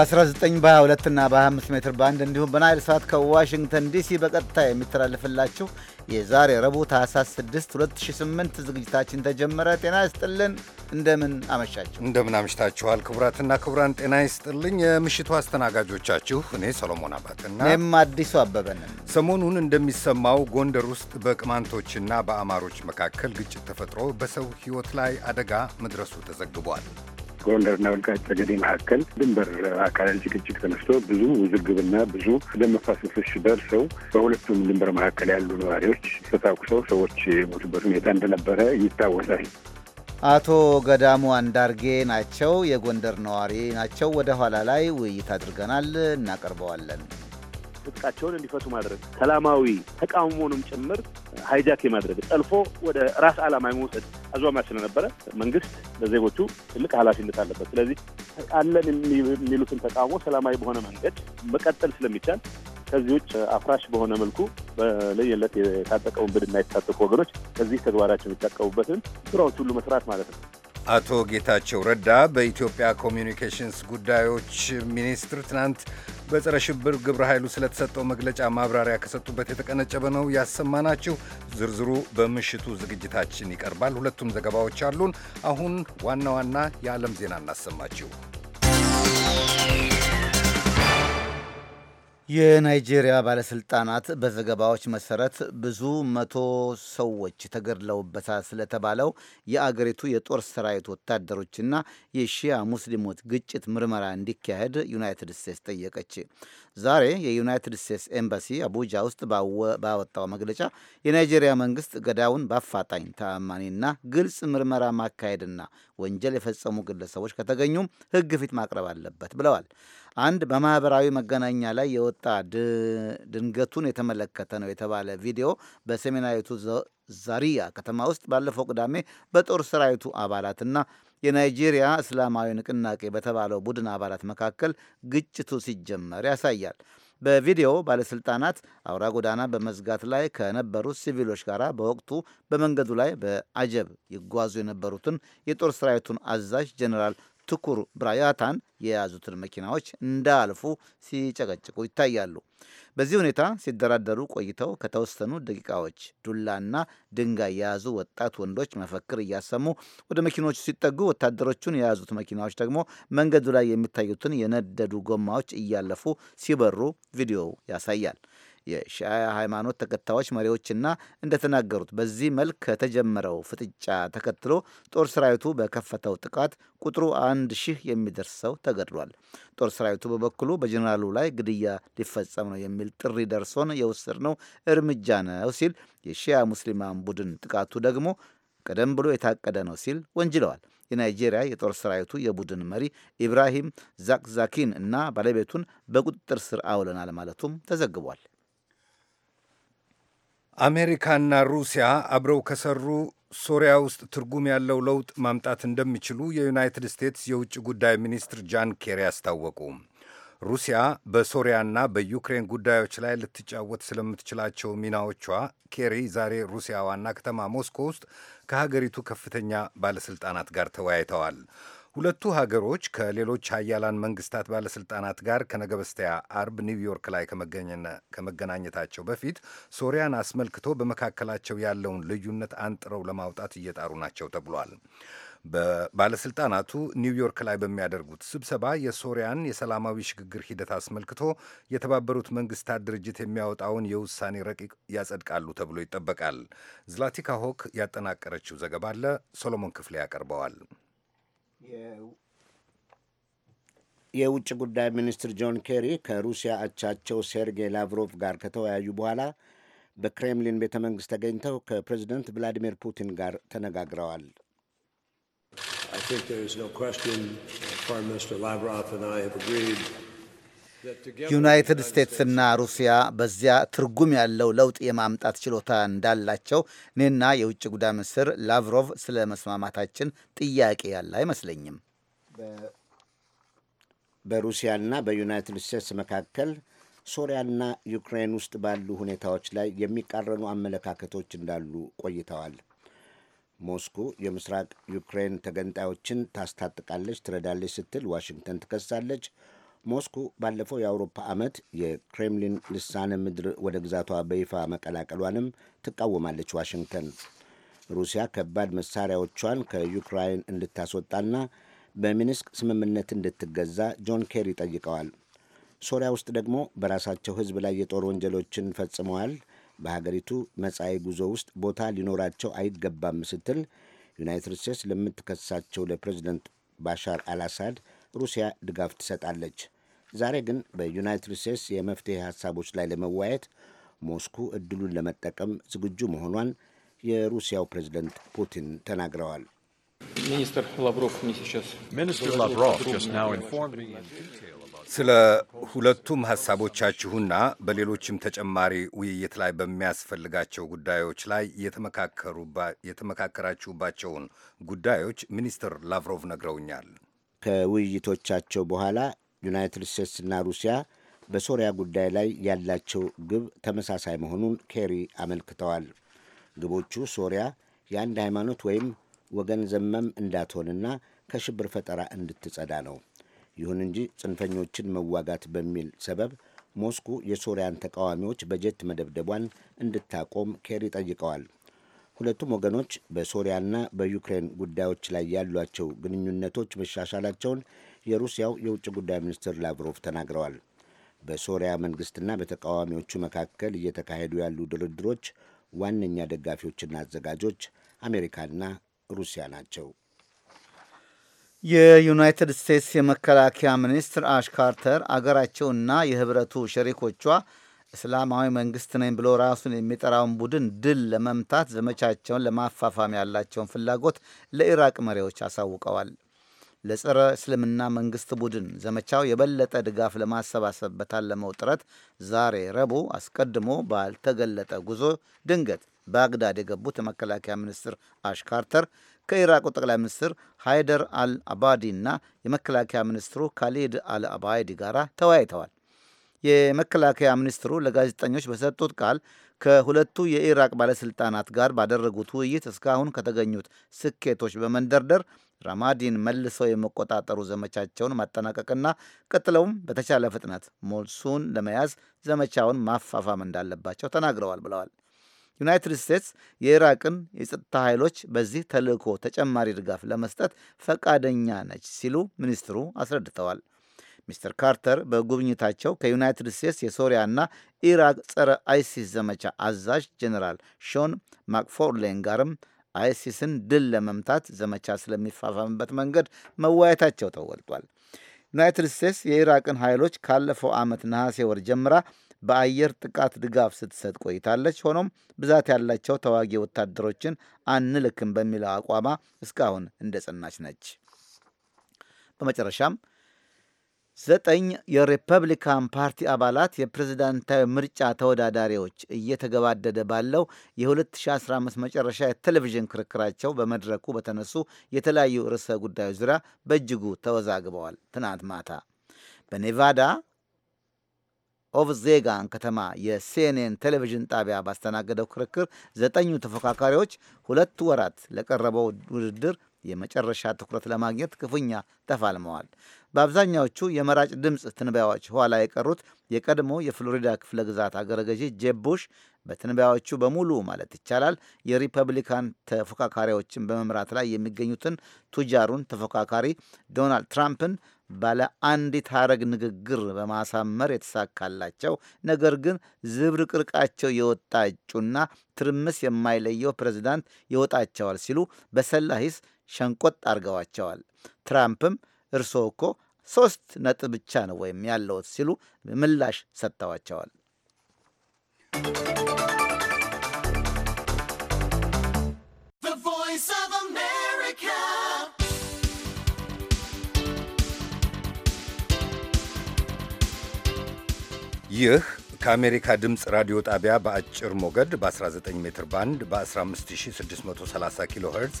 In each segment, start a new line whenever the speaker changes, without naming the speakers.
በ19 በ22 እና በ25 ሜትር ባንድ እንዲሁም በናይል ሰዓት ከዋሽንግተን ዲሲ በቀጥታ የሚተላልፍላችሁ የዛሬ ረቡዕ ታህሳስ 6 2008 ዝግጅታችን ተጀመረ። ጤና ይስጥልን። እንደምን አመሻችሁ።
እንደምን አምሽታችኋል። ክቡራትና ክቡራን ጤና ይስጥልኝ። የምሽቱ አስተናጋጆቻችሁ እኔ ሰሎሞን አባትና እኔም አዲሱ አበበንን። ሰሞኑን እንደሚሰማው ጎንደር ውስጥ በቅማንቶችና በአማሮች መካከል ግጭት ተፈጥሮ በሰው ሕይወት ላይ አደጋ መድረሱ ተዘግቧል። ጎንደርና
ወልቃይት ጠገዴ መካከል ድንበር አካላዊ ጭቅጭቅ ተነስቶ ብዙ ውዝግብና ብዙ ደም መፋሰሶች ደርሰው በሁለቱም ድንበር መካከል ያሉ ነዋሪዎች ተታኩሰው ሰዎች የሞቱበት ሁኔታ እንደነበረ ይታወሳል።
አቶ ገዳሙ አንዳርጌ ናቸው። የጎንደር ነዋሪ ናቸው። ወደ ኋላ ላይ ውይይት አድርገናል፣ እናቀርበዋለን።
ትጥቃቸውን እንዲፈቱ ማድረግ፣ ሰላማዊ ተቃውሞንም ጭምር ሀይጃክ የማድረግ ጠልፎ ወደ ራስ ዓላማ የመውሰድ አዟማ ስለነበረ መንግስት ለዜጎቹ ትልቅ ኃላፊነት አለበት። ስለዚህ አለን የሚሉትን ተቃውሞ ሰላማዊ በሆነ መንገድ መቀጠል ስለሚቻል ከዚህ ውጭ አፍራሽ በሆነ መልኩ በለየለት የታጠቀውን ብድና የተታጠቁ ወገኖች ከዚህ
ተግባራቸው የሚጠቀሙበትን ስራዎች ሁሉ መስራት ማለት ነው። አቶ ጌታቸው ረዳ በኢትዮጵያ ኮሚዩኒኬሽንስ ጉዳዮች ሚኒስትር ትናንት በጸረ ሽብር ግብረ ኃይሉ ስለተሰጠው መግለጫ ማብራሪያ ከሰጡበት የተቀነጨበ ነው ያሰማናችሁ። ዝርዝሩ በምሽቱ ዝግጅታችን ይቀርባል። ሁለቱም ዘገባዎች አሉን። አሁን ዋና ዋና የዓለም ዜና እናሰማችሁ።
የናይጄሪያ ባለስልጣናት በዘገባዎች መሰረት ብዙ መቶ ሰዎች ተገድለውበታል ስለተባለው የአገሪቱ የጦር ሰራዊት ወታደሮችና የሺያ ሙስሊሞች ግጭት ምርመራ እንዲካሄድ ዩናይትድ ስቴትስ ጠየቀች። ዛሬ የዩናይትድ ስቴትስ ኤምባሲ አቡጃ ውስጥ ባወጣው መግለጫ የናይጄሪያ መንግስት ገዳውን በአፋጣኝ ተአማኒና ግልጽ ምርመራ ማካሄድና ወንጀል የፈጸሙ ግለሰቦች ከተገኙም ሕግ ፊት ማቅረብ አለበት ብለዋል። አንድ በማህበራዊ መገናኛ ላይ የወጣ ድንገቱን የተመለከተ ነው የተባለ ቪዲዮ በሰሜናዊቱ ዛሪያ ከተማ ውስጥ ባለፈው ቅዳሜ በጦር ሰራዊቱ አባላትና የናይጄሪያ እስላማዊ ንቅናቄ በተባለው ቡድን አባላት መካከል ግጭቱ ሲጀመር ያሳያል። በቪዲዮ ባለስልጣናት አውራ ጎዳና በመዝጋት ላይ ከነበሩት ሲቪሎች ጋር በወቅቱ በመንገዱ ላይ በአጀብ ይጓዙ የነበሩትን የጦር ሰራዊቱን አዛዥ ጀኔራል ትኩር ብራያታን የያዙትን መኪናዎች እንዳያልፉ ሲጨቀጭቁ ይታያሉ። በዚህ ሁኔታ ሲደራደሩ ቆይተው ከተወሰኑ ደቂቃዎች ዱላና ድንጋይ የያዙ ወጣት ወንዶች መፈክር እያሰሙ ወደ መኪኖቹ ሲጠጉ፣ ወታደሮቹን የያዙት መኪናዎች ደግሞ መንገዱ ላይ የሚታዩትን የነደዱ ጎማዎች እያለፉ ሲበሩ ቪዲዮው ያሳያል። የሻያ ሃይማኖት ተከታዮች መሪዎችና እንደተናገሩት በዚህ መልክ ከተጀመረው ፍጥጫ ተከትሎ ጦር ሰራዊቱ በከፈተው ጥቃት ቁጥሩ አንድ ሺህ የሚደርስ ሰው ተገድሏል። ጦር ሰራዊቱ በበኩሉ በጀኔራሉ ላይ ግድያ ሊፈጸም ነው የሚል ጥሪ ደርሶን የወሰድነው እርምጃ ነው ሲል፣ የሺያ ሙስሊማን ቡድን ጥቃቱ ደግሞ ቀደም ብሎ የታቀደ ነው ሲል ወንጅለዋል። የናይጄሪያ የጦር ሰራዊቱ የቡድን መሪ ኢብራሂም ዛክዛኪን እና ባለቤቱን በቁጥጥር ስር አውለናል ማለቱም
ተዘግቧል። አሜሪካና ሩሲያ አብረው ከሰሩ ሶሪያ ውስጥ ትርጉም ያለው ለውጥ ማምጣት እንደሚችሉ የዩናይትድ ስቴትስ የውጭ ጉዳይ ሚኒስትር ጃን ኬሪ አስታወቁ። ሩሲያ በሶሪያና በዩክሬን ጉዳዮች ላይ ልትጫወት ስለምትችላቸው ሚናዎቿ ኬሪ ዛሬ ሩሲያ ዋና ከተማ ሞስኮ ውስጥ ከሀገሪቱ ከፍተኛ ባለሥልጣናት ጋር ተወያይተዋል። ሁለቱ ሀገሮች ከሌሎች ሀያላን መንግስታት ባለስልጣናት ጋር ከነገ በስቲያ አርብ ኒውዮርክ ላይ ከመገናኘታቸው በፊት ሶሪያን አስመልክቶ በመካከላቸው ያለውን ልዩነት አንጥረው ለማውጣት እየጣሩ ናቸው ተብሏል። ባለስልጣናቱ ኒውዮርክ ላይ በሚያደርጉት ስብሰባ የሶሪያን የሰላማዊ ሽግግር ሂደት አስመልክቶ የተባበሩት መንግስታት ድርጅት የሚያወጣውን የውሳኔ ረቂቅ ያጸድቃሉ ተብሎ ይጠበቃል። ዝላቲካ ሆክ ያጠናቀረችው ዘገባ አለ፣ ሶሎሞን ክፍሌ ያቀርበዋል።
የውጭ ጉዳይ ሚኒስትር ጆን ኬሪ ከሩሲያ አቻቸው ሴርጌይ ላቭሮቭ ጋር ከተወያዩ በኋላ በክሬምሊን ቤተ መንግሥት ተገኝተው ከፕሬዚደንት ቭላዲሚር ፑቲን ጋር ተነጋግረዋል።
I think there is no question Prime Minister Lavrov and I have agreed ዩናይትድ
ስቴትስና ሩሲያ
በዚያ ትርጉም ያለው ለውጥ የማምጣት ችሎታ እንዳላቸው እኔና የውጭ ጉዳይ ሚኒስትር ላቭሮቭ ስለ መስማማታችን ጥያቄ ያለ አይመስለኝም።
በሩሲያና በዩናይትድ ስቴትስ መካከል ሶሪያና ዩክሬን ውስጥ ባሉ ሁኔታዎች ላይ የሚቃረኑ አመለካከቶች እንዳሉ ቆይተዋል። ሞስኮ የምስራቅ ዩክሬን ተገንጣዮችን ታስታጥቃለች፣ ትረዳለች ስትል ዋሽንግተን ትከሳለች። ሞስኩ ባለፈው የአውሮፓ ዓመት የክሬምሊን ልሳነ ምድር ወደ ግዛቷ በይፋ መቀላቀሏንም ትቃወማለች። ዋሽንግተን ሩሲያ ከባድ መሳሪያዎቿን ከዩክራይን እንድታስወጣና በሚንስክ ስምምነት እንድትገዛ ጆን ኬሪ ጠይቀዋል። ሶሪያ ውስጥ ደግሞ በራሳቸው ሕዝብ ላይ የጦር ወንጀሎችን ፈጽመዋል፣ በሀገሪቱ መጻኢ ጉዞ ውስጥ ቦታ ሊኖራቸው አይገባም ስትል ዩናይትድ ስቴትስ ለምትከሳቸው ለፕሬዚደንት ባሻር አልአሳድ ሩሲያ ድጋፍ ትሰጣለች። ዛሬ ግን በዩናይትድ ስቴትስ የመፍትሄ ሀሳቦች ላይ ለመወያየት ሞስኩ እድሉን ለመጠቀም ዝግጁ መሆኗን የሩሲያው
ፕሬዝደንት ፑቲን ተናግረዋል። ስለ ሁለቱም ሐሳቦቻችሁና በሌሎችም ተጨማሪ ውይይት ላይ በሚያስፈልጋቸው ጉዳዮች ላይ የተመካከራችሁባቸውን ጉዳዮች ሚኒስትር ላቭሮቭ ነግረውኛል።
ከውይይቶቻቸው በኋላ ዩናይትድ ስቴትስና ሩሲያ በሶሪያ ጉዳይ ላይ ያላቸው ግብ ተመሳሳይ መሆኑን ኬሪ አመልክተዋል። ግቦቹ ሶሪያ የአንድ ሃይማኖት ወይም ወገን ዘመም እንዳትሆንና ከሽብር ፈጠራ እንድትጸዳ ነው። ይሁን እንጂ ጽንፈኞችን መዋጋት በሚል ሰበብ ሞስኩ የሶሪያን ተቃዋሚዎች በጀት መደብደቧን እንድታቆም ኬሪ ጠይቀዋል። ሁለቱም ወገኖች በሶሪያና በዩክሬን ጉዳዮች ላይ ያሏቸው ግንኙነቶች መሻሻላቸውን የሩሲያው የውጭ ጉዳይ ሚኒስትር ላቭሮቭ ተናግረዋል። በሶሪያ መንግስትና በተቃዋሚዎቹ መካከል እየተካሄዱ ያሉ ድርድሮች ዋነኛ ደጋፊዎችና አዘጋጆች አሜሪካና ሩሲያ ናቸው።
የዩናይትድ ስቴትስ የመከላከያ ሚኒስትር አሽ ካርተር አገራቸውና የህብረቱ ሸሪኮቿ እስላማዊ መንግስት ነኝ ብሎ ራሱን የሚጠራውን ቡድን ድል ለመምታት ዘመቻቸውን ለማፋፋም ያላቸውን ፍላጎት ለኢራቅ መሪዎች አሳውቀዋል። ለጸረ እስልምና መንግስት ቡድን ዘመቻው የበለጠ ድጋፍ ለማሰባሰብ በታለመው ጥረት ዛሬ ረቡዕ አስቀድሞ ባልተገለጠ ጉዞ ድንገት ባግዳድ የገቡት የመከላከያ ሚኒስትር አሽ ካርተር ከኢራቁ ጠቅላይ ሚኒስትር ሃይደር አል አባዲ እና የመከላከያ ሚኒስትሩ ካሊድ አል አባይዲ ጋር ተወያይተዋል። የመከላከያ ሚኒስትሩ ለጋዜጠኞች በሰጡት ቃል ከሁለቱ የኢራቅ ባለስልጣናት ጋር ባደረጉት ውይይት እስካሁን ከተገኙት ስኬቶች በመንደርደር ራማዲን መልሰው የመቆጣጠሩ ዘመቻቸውን ማጠናቀቅና ቀጥለውም በተቻለ ፍጥነት ሞልሱን ለመያዝ ዘመቻውን ማፋፋም እንዳለባቸው ተናግረዋል ብለዋል። ዩናይትድ ስቴትስ የኢራቅን የጸጥታ ኃይሎች በዚህ ተልዕኮ ተጨማሪ ድጋፍ ለመስጠት ፈቃደኛ ነች ሲሉ ሚኒስትሩ አስረድተዋል። ሚስተር ካርተር በጉብኝታቸው ከዩናይትድ ስቴትስ የሶሪያና ኢራቅ ጸረ አይሲስ ዘመቻ አዛዥ ጀኔራል ሾን ማክፎርሌን ጋርም አይሲስን ድል ለመምታት ዘመቻ ስለሚፋፋምበት መንገድ መወያየታቸው ተወልጧል። ዩናይትድ ስቴትስ የኢራቅን ኃይሎች ካለፈው ዓመት ነሐሴ ወር ጀምራ በአየር ጥቃት ድጋፍ ስትሰጥ ቆይታለች። ሆኖም ብዛት ያላቸው ተዋጊ ወታደሮችን አንልክም በሚለው አቋማ እስካሁን እንደጸናች ነች። በመጨረሻም ዘጠኝ የሪፐብሊካን ፓርቲ አባላት የፕሬዝዳንታዊ ምርጫ ተወዳዳሪዎች እየተገባደደ ባለው የ2015 መጨረሻ የቴሌቪዥን ክርክራቸው በመድረኩ በተነሱ የተለያዩ ርዕሰ ጉዳዮች ዙሪያ በእጅጉ ተወዛግበዋል። ትናንት ማታ በኔቫዳ ኦቭዜጋን ከተማ የሲኤንኤን ቴሌቪዥን ጣቢያ ባስተናገደው ክርክር ዘጠኙ ተፎካካሪዎች ሁለት ወራት ለቀረበው ውድድር የመጨረሻ ትኩረት ለማግኘት ክፉኛ ተፋልመዋል። በአብዛኛዎቹ የመራጭ ድምፅ ትንበያዎች ኋላ የቀሩት የቀድሞ የፍሎሪዳ ክፍለ ግዛት አገረ ገዢ ጄብ ቡሽ በትንበያዎቹ በሙሉ ማለት ይቻላል የሪፐብሊካን ተፎካካሪዎችን በመምራት ላይ የሚገኙትን ቱጃሩን ተፎካካሪ ዶናልድ ትራምፕን ባለ አንዲት ሀረግ ንግግር በማሳመር የተሳካላቸው ነገር ግን ዝብርቅርቃቸው የወጣ እጩና ትርምስ የማይለየው ፕሬዚዳንት ይወጣቸዋል ሲሉ በሰላ ሂስ ሸንቆጥ አድርገዋቸዋል። ትራምፕም እርስዎ እኮ ሶስት ነጥብ ብቻ ነው ወይም ያለውት ሲሉ ምላሽ ሰጥተዋቸዋል።
ይህ ከአሜሪካ ድምፅ ራዲዮ ጣቢያ በአጭር ሞገድ በ19 ሜትር ባንድ በ15630 ኪሎ ኸርዝ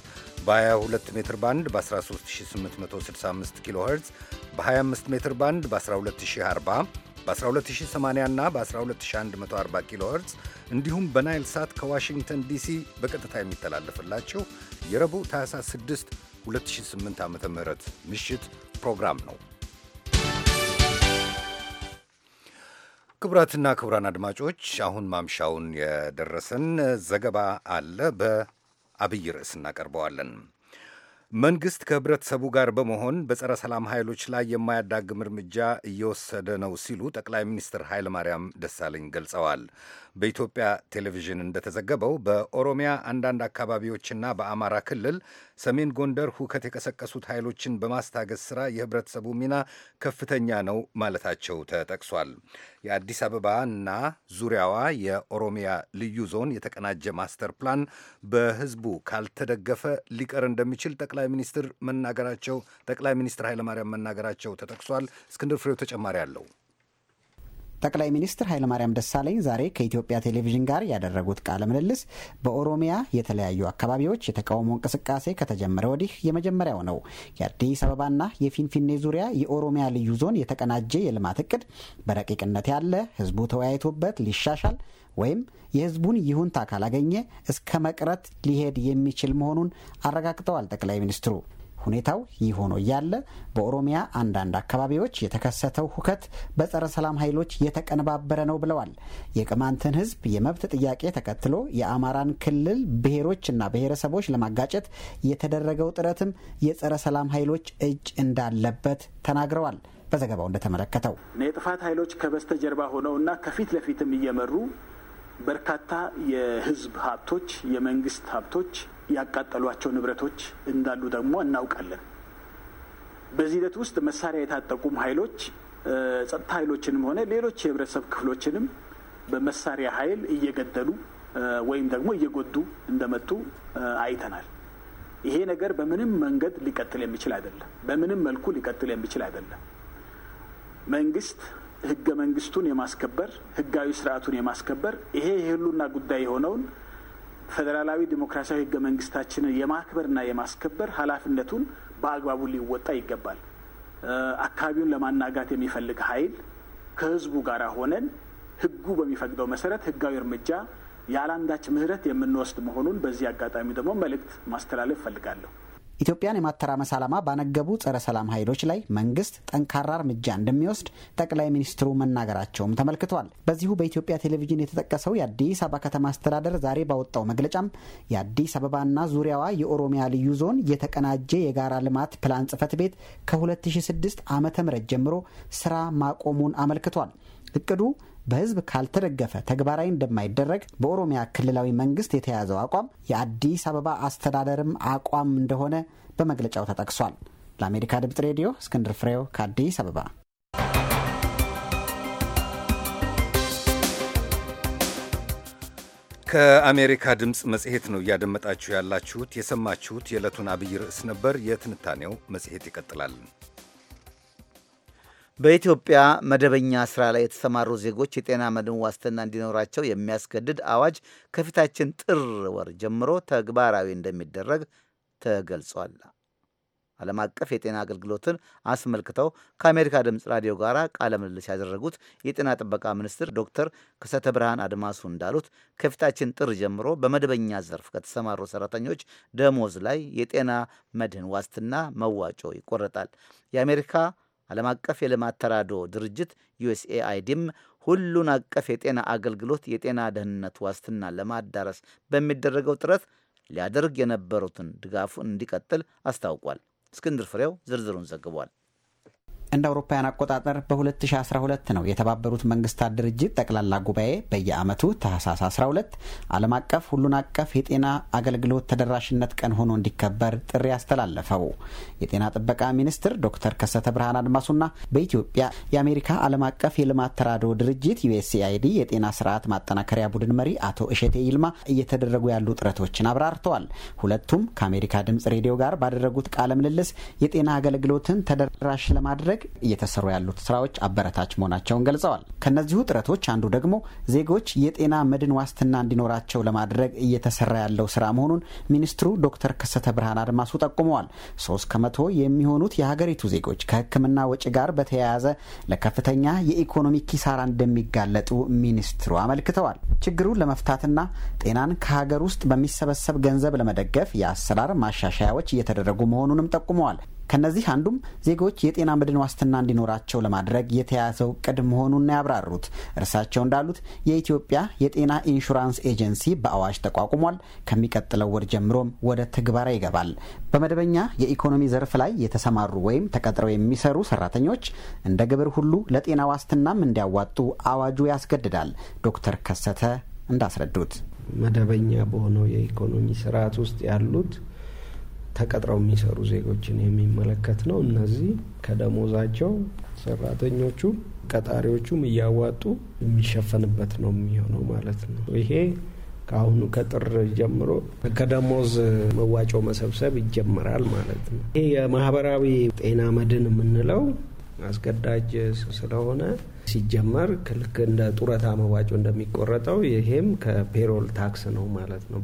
በ22 ሜትር ባንድ በ13865 ኪሎ ኸርዝ በ25 ሜትር ባንድ በ12040 በ12080 እና በ12140 ኪሎ ኸርዝ እንዲሁም በናይል ሳት ከዋሽንግተን ዲሲ በቀጥታ የሚተላለፍላችሁ የረቡዕ ታህሳስ 6 2008 ዓ ም ምሽት ፕሮግራም ነው። ክቡራትና ክቡራን አድማጮች አሁን ማምሻውን የደረሰን ዘገባ አለ። በአብይ ርዕስ እናቀርበዋለን። መንግሥት ከህብረተሰቡ ጋር በመሆን በጸረ ሰላም ኃይሎች ላይ የማያዳግም እርምጃ እየወሰደ ነው ሲሉ ጠቅላይ ሚኒስትር ኃይለማርያም ደሳለኝ ገልጸዋል። በኢትዮጵያ ቴሌቪዥን እንደተዘገበው በኦሮሚያ አንዳንድ አካባቢዎችና በአማራ ክልል ሰሜን ጎንደር ሁከት የቀሰቀሱት ኃይሎችን በማስታገስ ሥራ የህብረተሰቡ ሚና ከፍተኛ ነው ማለታቸው ተጠቅሷል። የአዲስ አበባና ዙሪያዋ የኦሮሚያ ልዩ ዞን የተቀናጀ ማስተር ፕላን በህዝቡ ካልተደገፈ ሊቀር እንደሚችል ጠቅላይ ሚኒስትር መናገራቸው ጠቅላይ ሚኒስትር ኃይለማርያም መናገራቸው ተጠቅሷል። እስክንድር ፍሬው ተጨማሪ አለው።
ጠቅላይ ሚኒስትር ኃይለማርያም ደሳለኝ ዛሬ ከኢትዮጵያ ቴሌቪዥን ጋር ያደረጉት ቃለ ምልልስ በኦሮሚያ የተለያዩ አካባቢዎች የተቃውሞ እንቅስቃሴ ከተጀመረ ወዲህ የመጀመሪያው ነው። የአዲስ አበባና የፊንፊኔ ዙሪያ የኦሮሚያ ልዩ ዞን የተቀናጀ የልማት እቅድ በረቂቅነት ያለ ህዝቡ ተወያይቶበት ሊሻሻል ወይም የህዝቡን ይሁንታ ካላገኘ እስከ መቅረት ሊሄድ የሚችል መሆኑን አረጋግጠዋል ጠቅላይ ሚኒስትሩ ሁኔታው ይህ ሆኖ እያለ በኦሮሚያ አንዳንድ አካባቢዎች የተከሰተው ሁከት በጸረ ሰላም ኃይሎች የተቀነባበረ ነው ብለዋል። የቅማንትን ሕዝብ የመብት ጥያቄ ተከትሎ የአማራን ክልል ብሔሮችና ብሔረሰቦች ለማጋጨት የተደረገው ጥረትም የጸረ ሰላም ኃይሎች እጅ እንዳለበት ተናግረዋል። በዘገባው እንደተመለከተው
የጥፋት ኃይሎች ከበስተጀርባ ሆነውና ከፊት ለፊትም እየመሩ በርካታ የህዝብ ሀብቶች፣ የመንግስት ሀብቶች ያቃጠሏቸው ንብረቶች እንዳሉ ደግሞ እናውቃለን። በዚህ ሂደት ውስጥ መሳሪያ የታጠቁም ኃይሎች ጸጥታ ኃይሎችንም ሆነ ሌሎች የህብረተሰብ ክፍሎችንም በመሳሪያ ኃይል እየገደሉ ወይም ደግሞ እየጎዱ እንደመጡ አይተናል። ይሄ ነገር በምንም መንገድ ሊቀጥል የሚችል አይደለም። በምንም መልኩ ሊቀጥል የሚችል አይደለም። መንግስት ህገ መንግስቱን የማስከበር ህጋዊ ስርዓቱን የማስከበር ይሄ የህሉና ጉዳይ የሆነውን ፌዴራላዊ ዲሞክራሲያዊ ህገ መንግስታችንን የማክበርና የማስከበር ኃላፊነቱን በአግባቡ ሊወጣ ይገባል። አካባቢውን ለማናጋት የሚፈልግ ኃይል ከህዝቡ ጋር ሆነን ህጉ በሚፈቅደው መሰረት ህጋዊ እርምጃ ያለአንዳች ምህረት የምንወስድ መሆኑን በዚህ አጋጣሚ ደግሞ መልእክት ማስተላለፍ እፈልጋለሁ።
ኢትዮጵያን የማተራመስ ዓላማ ባነገቡ ጸረ ሰላም ኃይሎች ላይ መንግስት ጠንካራ እርምጃ እንደሚወስድ ጠቅላይ ሚኒስትሩ መናገራቸውም ተመልክቷል። በዚሁ በኢትዮጵያ ቴሌቪዥን የተጠቀሰው የአዲስ አበባ ከተማ አስተዳደር ዛሬ ባወጣው መግለጫም የአዲስ አበባና ዙሪያዋ የኦሮሚያ ልዩ ዞን የተቀናጀ የጋራ ልማት ፕላን ጽህፈት ቤት ከ2006 ዓ ም ጀምሮ ስራ ማቆሙን አመልክቷል። እቅዱ በህዝብ ካልተደገፈ ተግባራዊ እንደማይደረግ በኦሮሚያ ክልላዊ መንግስት የተያዘው አቋም የአዲስ አበባ አስተዳደርም አቋም እንደሆነ በመግለጫው ተጠቅሷል። ለአሜሪካ ድምፅ ሬዲዮ እስክንድር ፍሬው ከአዲስ አበባ።
ከአሜሪካ ድምፅ መጽሔት ነው እያደመጣችሁ ያላችሁት። የሰማችሁት የዕለቱን አብይ ርዕስ ነበር። የትንታኔው መጽሔት ይቀጥላል።
በኢትዮጵያ መደበኛ ስራ ላይ የተሰማሩ ዜጎች የጤና መድን ዋስትና እንዲኖራቸው የሚያስገድድ አዋጅ ከፊታችን ጥር ወር ጀምሮ ተግባራዊ እንደሚደረግ ተገልጿል። ዓለም አቀፍ የጤና አገልግሎትን አስመልክተው ከአሜሪካ ድምፅ ራዲዮ ጋር ቃለ ምልልስ ያደረጉት የጤና ጥበቃ ሚኒስትር ዶክተር ክሰተ ብርሃን አድማሱ እንዳሉት ከፊታችን ጥር ጀምሮ በመደበኛ ዘርፍ ከተሰማሩ ሰራተኞች ደሞዝ ላይ የጤና መድህን ዋስትና መዋጮ ይቆረጣል። የአሜሪካ ዓለም አቀፍ የልማት ተራድኦ ድርጅት ዩኤስኤአይዲም ሁሉን አቀፍ የጤና አገልግሎት የጤና ደህንነት ዋስትና ለማዳረስ በሚደረገው ጥረት ሊያደርግ የነበሩትን ድጋፉ እንዲቀጥል አስታውቋል። እስክንድር ፍሬው ዝርዝሩን ዘግቧል።
እንደ አውሮፓውያን አቆጣጠር በ2012 ነው የተባበሩት መንግስታት ድርጅት ጠቅላላ ጉባኤ በየዓመቱ ታህሳስ 12 ዓለም አቀፍ ሁሉን አቀፍ የጤና አገልግሎት ተደራሽነት ቀን ሆኖ እንዲከበር ጥሪ አስተላለፈው። የጤና ጥበቃ ሚኒስትር ዶክተር ከሰተ ብርሃን አድማሱና በኢትዮጵያ የአሜሪካ ዓለም አቀፍ የልማት ተራድኦ ድርጅት ዩኤስኤአይዲ የጤና ስርዓት ማጠናከሪያ ቡድን መሪ አቶ እሸቴ ይልማ እየተደረጉ ያሉ ጥረቶችን አብራርተዋል። ሁለቱም ከአሜሪካ ድምጽ ሬዲዮ ጋር ባደረጉት ቃለ ምልልስ የጤና አገልግሎትን ተደራሽ ለማድረግ ለማድረግ እየተሰሩ ያሉት ስራዎች አበረታች መሆናቸውን ገልጸዋል። ከነዚህ ጥረቶች አንዱ ደግሞ ዜጎች የጤና መድን ዋስትና እንዲኖራቸው ለማድረግ እየተሰራ ያለው ስራ መሆኑን ሚኒስትሩ ዶክተር ከሰተ ብርሃን አድማሱ ጠቁመዋል። ሶስት ከመቶ የሚሆኑት የሀገሪቱ ዜጎች ከሕክምና ወጪ ጋር በተያያዘ ለከፍተኛ የኢኮኖሚ ኪሳራ እንደሚጋለጡ ሚኒስትሩ አመልክተዋል። ችግሩን ለመፍታትና ጤናን ከሀገር ውስጥ በሚሰበሰብ ገንዘብ ለመደገፍ የአሰራር ማሻሻያዎች እየተደረጉ መሆኑንም ጠቁመዋል። ከነዚህ አንዱም ዜጎች የጤና መድን ዋስትና እንዲኖራቸው ለማድረግ የተያዘው ቅድ መሆኑን ያብራሩት እርሳቸው እንዳሉት የኢትዮጵያ የጤና ኢንሹራንስ ኤጀንሲ በአዋጅ ተቋቁሟል። ከሚቀጥለው ወር ጀምሮም ወደ ትግበራ ይገባል። በመደበኛ የኢኮኖሚ ዘርፍ ላይ የተሰማሩ ወይም ተቀጥረው የሚሰሩ ሰራተኞች እንደ ግብር ሁሉ ለጤና ዋስትናም እንዲያዋጡ አዋጁ ያስገድዳል። ዶክተር ከሰተ እንዳስረዱት
መደበኛ በሆነው የኢኮኖሚ ስርዓት ውስጥ ያሉት ተቀጥረው የሚሰሩ ዜጎችን የሚመለከት ነው። እነዚህ ከደሞዛቸው ሰራተኞቹ ቀጣሪዎቹም እያዋጡ የሚሸፈንበት ነው የሚሆነው ማለት ነው። ይሄ ከአሁኑ ከጥር ጀምሮ ከደሞዝ መዋጮ መሰብሰብ ይጀምራል ማለት ነው። ይሄ የማህበራዊ ጤና መድን የምንለው አስገዳጅ ስለሆነ ሲጀመር ክልክ እንደ ጡረታ መዋጮ እንደሚቆረጠው ይሄም ከፔሮል ታክስ ነው ማለት ነው።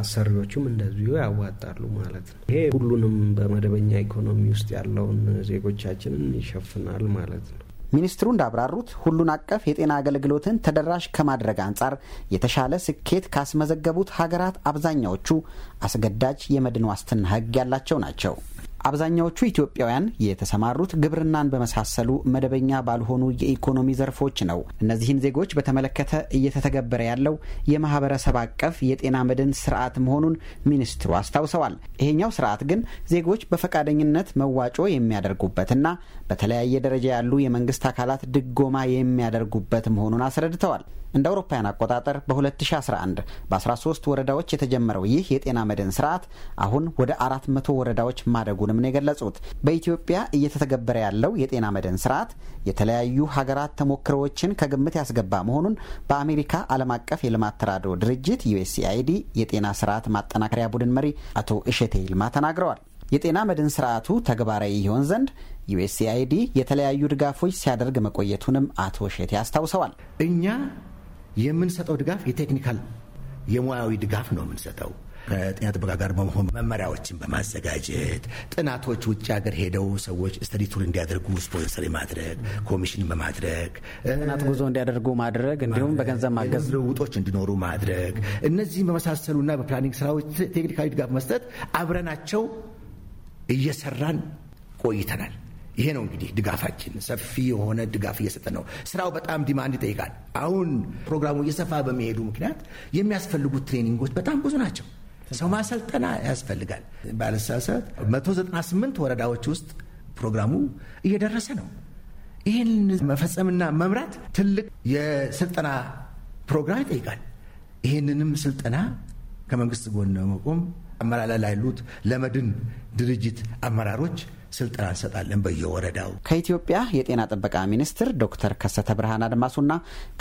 አሰሪዎቹም እንደዚሁ ያዋጣሉ ማለት ነው። ይሄ ሁሉንም በመደበኛ ኢኮኖሚ ውስጥ ያለውን ዜጎቻችንን ይሸፍናል ማለት ነው።
ሚኒስትሩ እንዳብራሩት ሁሉን አቀፍ የጤና አገልግሎትን ተደራሽ ከማድረግ አንጻር የተሻለ ስኬት ካስመዘገቡት ሀገራት አብዛኛዎቹ አስገዳጅ የመድን ዋስትና ሕግ ያላቸው ናቸው። አብዛኛዎቹ ኢትዮጵያውያን የተሰማሩት ግብርናን በመሳሰሉ መደበኛ ባልሆኑ የኢኮኖሚ ዘርፎች ነው። እነዚህን ዜጎች በተመለከተ እየተተገበረ ያለው የማህበረሰብ አቀፍ የጤና መድን ስርዓት መሆኑን ሚኒስትሩ አስታውሰዋል። ይሄኛው ስርዓት ግን ዜጎች በፈቃደኝነት መዋጮ የሚያደርጉበትና በተለያየ ደረጃ ያሉ የመንግስት አካላት ድጎማ የሚያደርጉበት መሆኑን አስረድተዋል። እንደ አውሮፓውያን አቆጣጠር በ2011 በ13 ወረዳዎች የተጀመረው ይህ የጤና መድን ስርዓት አሁን ወደ 400 ወረዳዎች ማደጉንም ነው የገለጹት። በኢትዮጵያ እየተተገበረ ያለው የጤና መድን ስርዓት የተለያዩ ሀገራት ተሞክሮዎችን ከግምት ያስገባ መሆኑን በአሜሪካ ዓለም አቀፍ የልማት ተራድኦ ድርጅት ዩኤስኤአይዲ የጤና ስርዓት ማጠናከሪያ ቡድን መሪ አቶ እሸቴ ይልማ ተናግረዋል። የጤና መድን ስርዓቱ ተግባራዊ ይሆን ዘንድ ዩኤስኤአይዲ የተለያዩ ድጋፎች ሲያደርግ መቆየቱንም አቶ ሼቴ አስታውሰዋል። እኛ
የምንሰጠው ድጋፍ የቴክኒካል የሙያዊ ድጋፍ ነው የምንሰጠው ከጤና ጥበቃ ጋር በመሆን መመሪያዎችን በማዘጋጀት ጥናቶች ውጭ ሀገር ሄደው ሰዎች ስተዲ ቱር እንዲያደርጉ ስፖንሰር የማድረግ ኮሚሽን በማድረግ
ጥናት ጉዞ እንዲያደርጉ ማድረግ እንዲሁም በገንዘብ
ማገዝ ልውውጦች እንዲኖሩ ማድረግ እነዚህም በመሳሰሉና በፕላኒንግ ስራዎች ቴክኒካዊ ድጋፍ መስጠት አብረናቸው እየሰራን ቆይተናል። ይሄ ነው እንግዲህ ድጋፋችን። ሰፊ የሆነ ድጋፍ እየሰጠ ነው። ስራው በጣም ዲማንድ ይጠይቃል። አሁን ፕሮግራሙ እየሰፋ በመሄዱ ምክንያት የሚያስፈልጉት ትሬኒንጎች በጣም ብዙ ናቸው። ሰው ማሰልጠና ያስፈልጋል። ባለሳሳት 198 ወረዳዎች ውስጥ ፕሮግራሙ እየደረሰ ነው። ይህን መፈጸምና መምራት ትልቅ የስልጠና ፕሮግራም ይጠይቃል። ይህንንም ስልጠና ከመንግስት ጎን መቆም አመራር ላሉት ለመድን ድርጅት አመራሮች ስልጠና እንሰጣለን በየወረዳው።
ከኢትዮጵያ የጤና ጥበቃ ሚኒስትር ዶክተር ከሰተ ብርሃን አድማሱና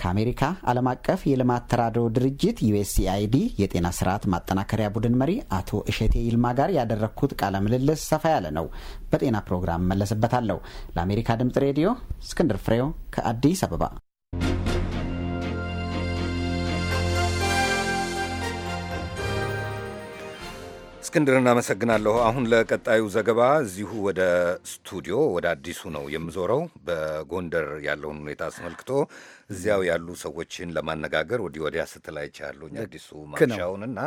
ከአሜሪካ ዓለም አቀፍ የልማት ተራድኦ ድርጅት ዩኤስኤአይዲ የጤና ስርዓት ማጠናከሪያ ቡድን መሪ አቶ እሸቴ ይልማ ጋር ያደረግኩት ቃለ ምልልስ ሰፋ ያለ ነው። በጤና ፕሮግራም መለስበታለሁ። ለአሜሪካ ድምጽ ሬዲዮ እስክንድር ፍሬው ከአዲስ አበባ
እስክንድር እናመሰግናለሁ። አሁን ለቀጣዩ ዘገባ እዚሁ ወደ ስቱዲዮ ወደ አዲሱ ነው የምዞረው። በጎንደር ያለውን ሁኔታ አስመልክቶ እዚያው ያሉ ሰዎችን ለማነጋገር ወዲህ ወዲያ ስትል አይቻለሁኝ። አዲሱ እና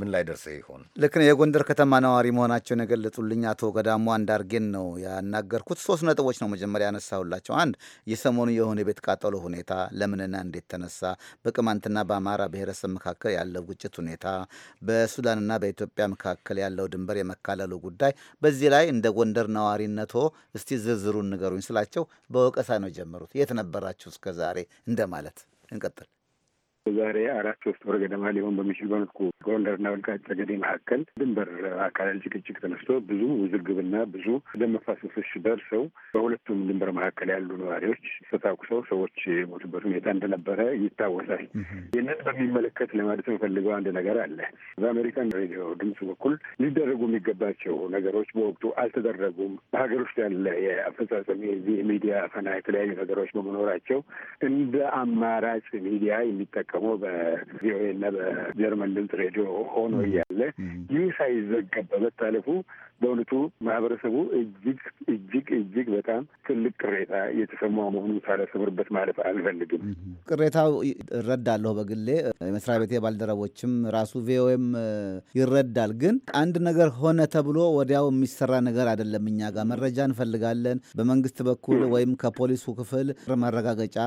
ምን ላይ ደርሰ ይሆን?
ልክ ነው። የጎንደር ከተማ ነዋሪ መሆናቸውን የገለጹልኝ አቶ ገዳሙ አንዳርጌን ነው ያናገርኩት። ሶስት ነጥቦች ነው መጀመሪያ ያነሳሁላቸው። አንድ የሰሞኑ የሆነ የቤት ቃጠሎ ሁኔታ ለምንና እንዴት ተነሳ፣ በቅማንትና በአማራ ብሔረሰብ መካከል ያለው ግጭት ሁኔታ፣ በሱዳንና በኢትዮጵያ መካከል ያለው ድንበር የመካለሉ ጉዳይ፣ በዚህ ላይ እንደ ጎንደር ነዋሪነቶ እስቲ ዝርዝሩን ንገሩኝ ስላቸው በወቀሳ ነው ጀምሩት የት ነበራችሁ እስከዛሬ እንደማለት። እንቀጥል።
የዛሬ አራት ሶስት ወር ገደማ ሊሆን በሚችል በመልኩ ጎንደርና ወልቃይት ጠገዴ መካከል ድንበር አካላል ጭቅጭቅ ተነስቶ ብዙ ውዝግብና ብዙ ደም መፋሰሶች ደርሰው በሁለቱም ድንበር መካከል ያሉ ነዋሪዎች ተታኩሰው ሰዎች የሞቱበት ሁኔታ እንደነበረ ይታወሳል። ይህንን በሚመለከት ለማለት የምፈልገው አንድ ነገር አለ። በአሜሪካን ሬዲዮ ድምፅ በኩል ሊደረጉ የሚገባቸው ነገሮች በወቅቱ አልተደረጉም። በሀገር ውስጥ ያለ የአፈጻጸም የዚህ ሚዲያ ፈና የተለያዩ ነገሮች በመኖራቸው እንደ አማራጭ ሚዲያ የሚጠቀ የሚጠቀመው በቪኦኤ እና በጀርመን ድምፅ ሬዲዮ ሆኖ እያለ ይህ ሳይዘገብ በመታለፉ በእውነቱ ማህበረሰቡ እጅግ እጅግ እጅግ በጣም ትልቅ ቅሬታ የተሰማ መሆኑን ሳላሰምርበት ማለት አልፈልግም።
ቅሬታው እረዳለሁ በግሌ የመስሪያ ቤቴ ባልደረቦችም ራሱ ቪኦኤም ይረዳል። ግን አንድ ነገር ሆነ ተብሎ ወዲያው የሚሰራ ነገር አይደለም። እኛ ጋር መረጃ እንፈልጋለን። በመንግስት በኩል ወይም ከፖሊሱ ክፍል መረጋገጫ